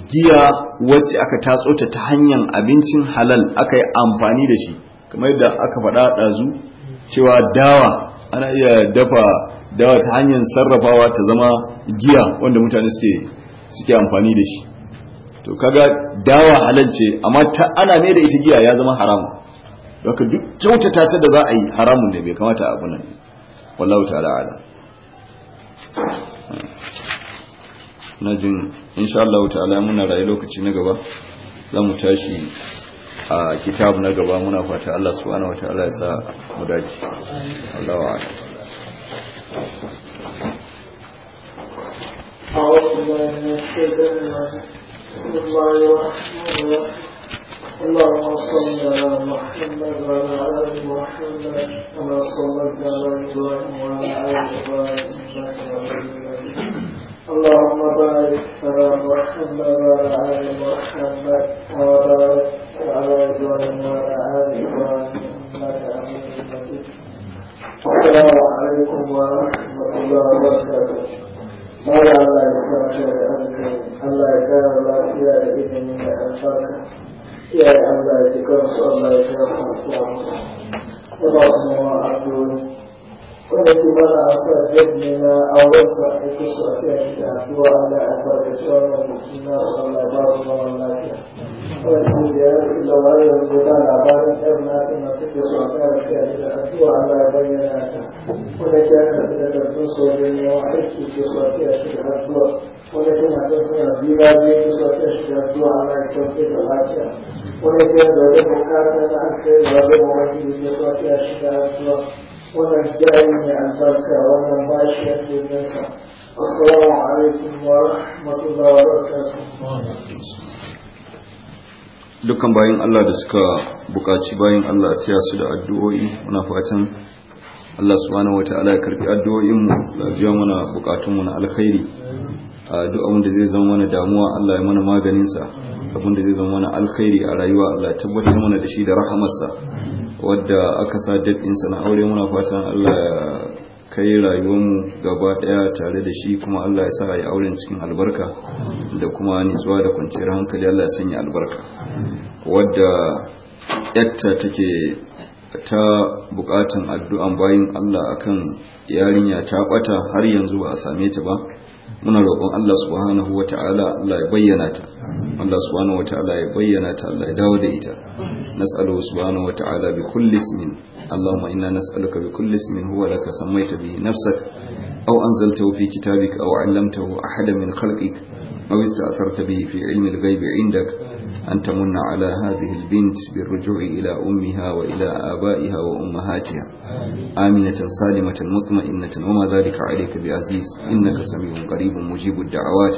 giya wacce aka tatso ta ta hanyar abincin halal aka yi amfani da shi kamar yadda aka faɗa ɗazu cewa dawa ana iya dafa dawa ta hanyar sarrafawa ta zama giya wanda mutane suke suke amfani da shi to kaga dawa halal ce amma ta ana mai da ita giya ya zama haramun. haka duk kyautata ta da za a yi haramun da bai kamata a nan wallahu ta'ala na jin insha Allah ta'ala muna rayu lokaci na gaba za mu tashi a kitabu na gaba muna fata Allah subhanahu wataala ya sa mu dace Allah wa أعوذ اللهم صل على محمد وعلى محمد كما صليت على وعلى اللهم بارك على محمد وعلى آل محمد وبارك على إبراهيم وعلى آل إبراهيم إنك حميد مجيد السلام عليكم ورحمة الله وبركاته ماذا الله يسامحك الله يكرم الله يا إذن من أنفاقك يا الله يذكرك الله يكرمك اللهم أقول wanda ke ba a sa jirgin na aurensa da ke shafi a da aduwa ala a farkaci wannan mutum na wala ba mu zaman lafiya wanda ke da ya fi lawaye yanzu ba labarin ɗan nasa na suke so a kara fiya da aduwa ala ya bayyana ta wanda ke aka fi da sojin yawa aiki ke so a fiya shi da aduwa wanda na son suna biya biyu ke so a fiya shi da aduwa ala ya sauke da lafiya wanda ke da bukatar da aka yi da wajen mawaƙi ke so a da wannan kiyaye mai albarka wannan bashi a jirginsa assalamu alaikum wa rahmatullahi wa barakatuh dukkan bayan Allah da suka buƙaci bayan Allah ta su da addu'o'i muna fatan Allah subhanahu wata'ala ya karbi addu'o'inmu lafiya muna buƙatunmu na alkhairi A addu'a da zai zama mana damuwa Allah ya mana maganinsa abin da zai zama mana alkhairi a rayuwa Allah ya tabbatar mana da shi da rahamarsa wadda aka sa daɗinsa na aure muna fatan Allah ya kai rayuwar mu gaba ɗaya tare da shi kuma Allah ya sa ya auren cikin albarka da kuma nitsuwa da kwanciyar hankali Allah ya sanya albarka wadda yatta take ta bukatan addu'an bayin Allah akan yarinya ta bata har yanzu ba a same ta ba muna roƙon Allah subhanahu wata'ala Allah ya bayyana ta Allah subhanahu wata'ala ya bayyana ta Allah ya dawo da ita نسأله سبحانه وتعالى بكل اسم اللهم إنا نسألك بكل اسم هو لك سميت به نفسك أو أنزلته في كتابك أو علمته أحدا من خلقك أو استأثرت به في علم الغيب عندك أن تمن على هذه البنت بالرجوع إلى أمها وإلى آبائها وأمهاتها آمنة سالمة مطمئنة وما ذلك عليك بعزيز إنك سميع قريب مجيب الدعوات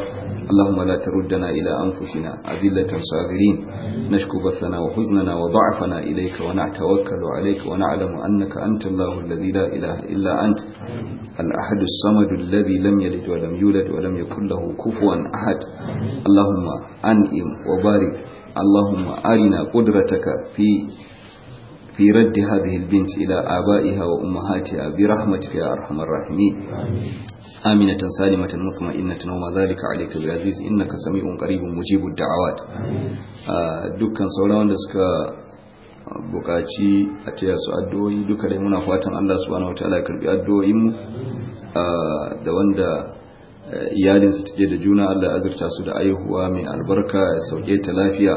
اللهم لا تردنا إلى أنفسنا أذلة صاغرين نشكو بثنا وحزننا وضعفنا إليك ونتوكل عليك ونعلم أنك أنت الله الذي لا إله إلا أنت الأحد الصمد الذي لم يلد ولم يولد ولم يكن له كفوا أحد اللهم أنئم وبارك اللهم أرنا قدرتك في في رد هذه البنت إلى آبائها وأمهاتها برحمتك يا أرحم الراحمين آمنة سالمة مطمئنة وما ذلك عليك العزيز إنك سميع قريب مجيب الدعوات دكان سولان دسكا bukaci a taya su addu'o'i duka dai muna fatan Allah subhanahu wataala ya karbi addu'o'in mu da wanda iyalinsu take da juna Allah azurta su da aihuwa mai albarka ya sauke ta lafiya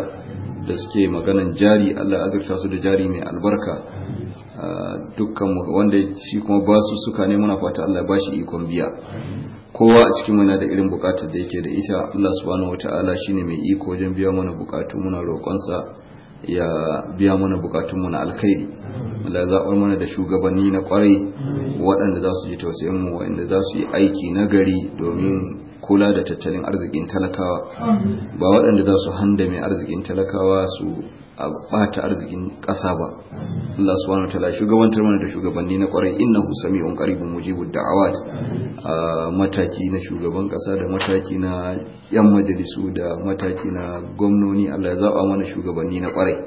da suke maganan jari Allah azurta su da jari mai albarka dukkan wanda shi kuma ba su suka ne muna fata Allah bashi shi ikon biya kowa a cikin muna da irin bukatar da yake da ita Allah subhanahu wataala shine mai iko wajen biya mana bukatu muna roƙonsa ya biya mana bukatunmu na alkhairi Allah ya mana da shugabanni na kwarai waɗanda za su ji tausayin mu waɗanda za su yi aiki na gari domin kula da tattalin arzikin talakawa ba waɗanda za su handame arzikin talakawa su ɓata arzikin ƙasa ba Allah wani Tala shugabantar mana da shugabanni na kwarai innahu ƙaribin mujibu da da'awat mataki na shugaban ƙasa da mataki na yan majalisu da mataki na gwamnoni Allah ya zaɓa mana shugabanni na kwarai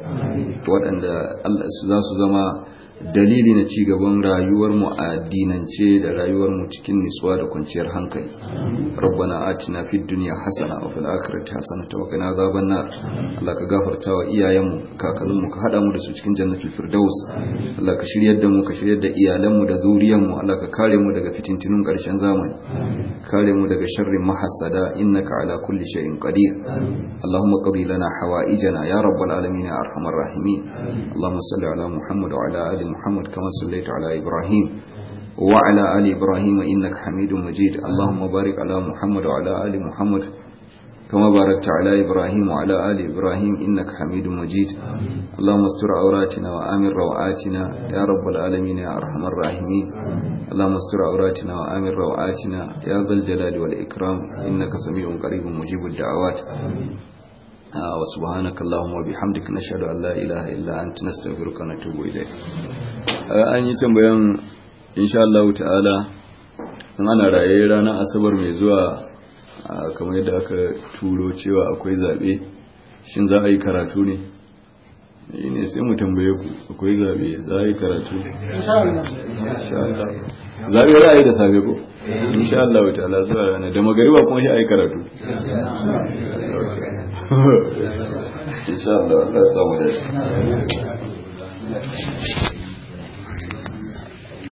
waɗanda Allah za su zama dalili na ci gaban rayuwarmu a addinance da rayuwarmu cikin nutsuwa da kwanciyar hankali rabbana atina fid dunya hasana wa fil akhirati hasana wa qina adhaban nar Allah ka gafarta wa iyayenmu kakanninmu ka hada mu da su cikin jannatul firdaus Allah ka shiryar da mu ka shiryar da iyalanmu da zuriyarmu Allah ka kare mu daga fitintunun karshen zamani kare mu daga sharrin mahassada innaka ala kulli shay'in qadir Allahumma qadi lana hawaijana ya rabbal alamin ya arhamar rahimin Allahumma salli ala Muhammad wa ala ali آل محمد كما صليت على إبراهيم وعلى آل إبراهيم إنك حميد مجيد اللهم بارك على محمد وعلى آل محمد كما باركت على إبراهيم وعلى آل إبراهيم إنك حميد مجيد آمين. اللهم استر عوراتنا وآمن روعاتنا يا رب العالمين يا أرحم الراحمين آمين. اللهم استر عوراتنا وآمن روعاتنا يا ذا الجلال والإكرام آمين. إنك سميع قريب مجيب الدعوات wa subhanaka allahumma bihamdika nashhadu an la ilaha illa anta nastaghfiruka wa natubu ilayk an yi tambayan insha Allah ta'ala in ana raye ranar asabar mai zuwa kamar yadda aka turo cewa akwai zabe shin za a yi karatu ne ne sai mu tambaye ku akwai zabe za a yi karatu zaɓe za a yi da safe ko insha Allah ta'ala zuwa ranar da magariba kuma shi a yi karatu 呵 呵，就这样子，那怎么的？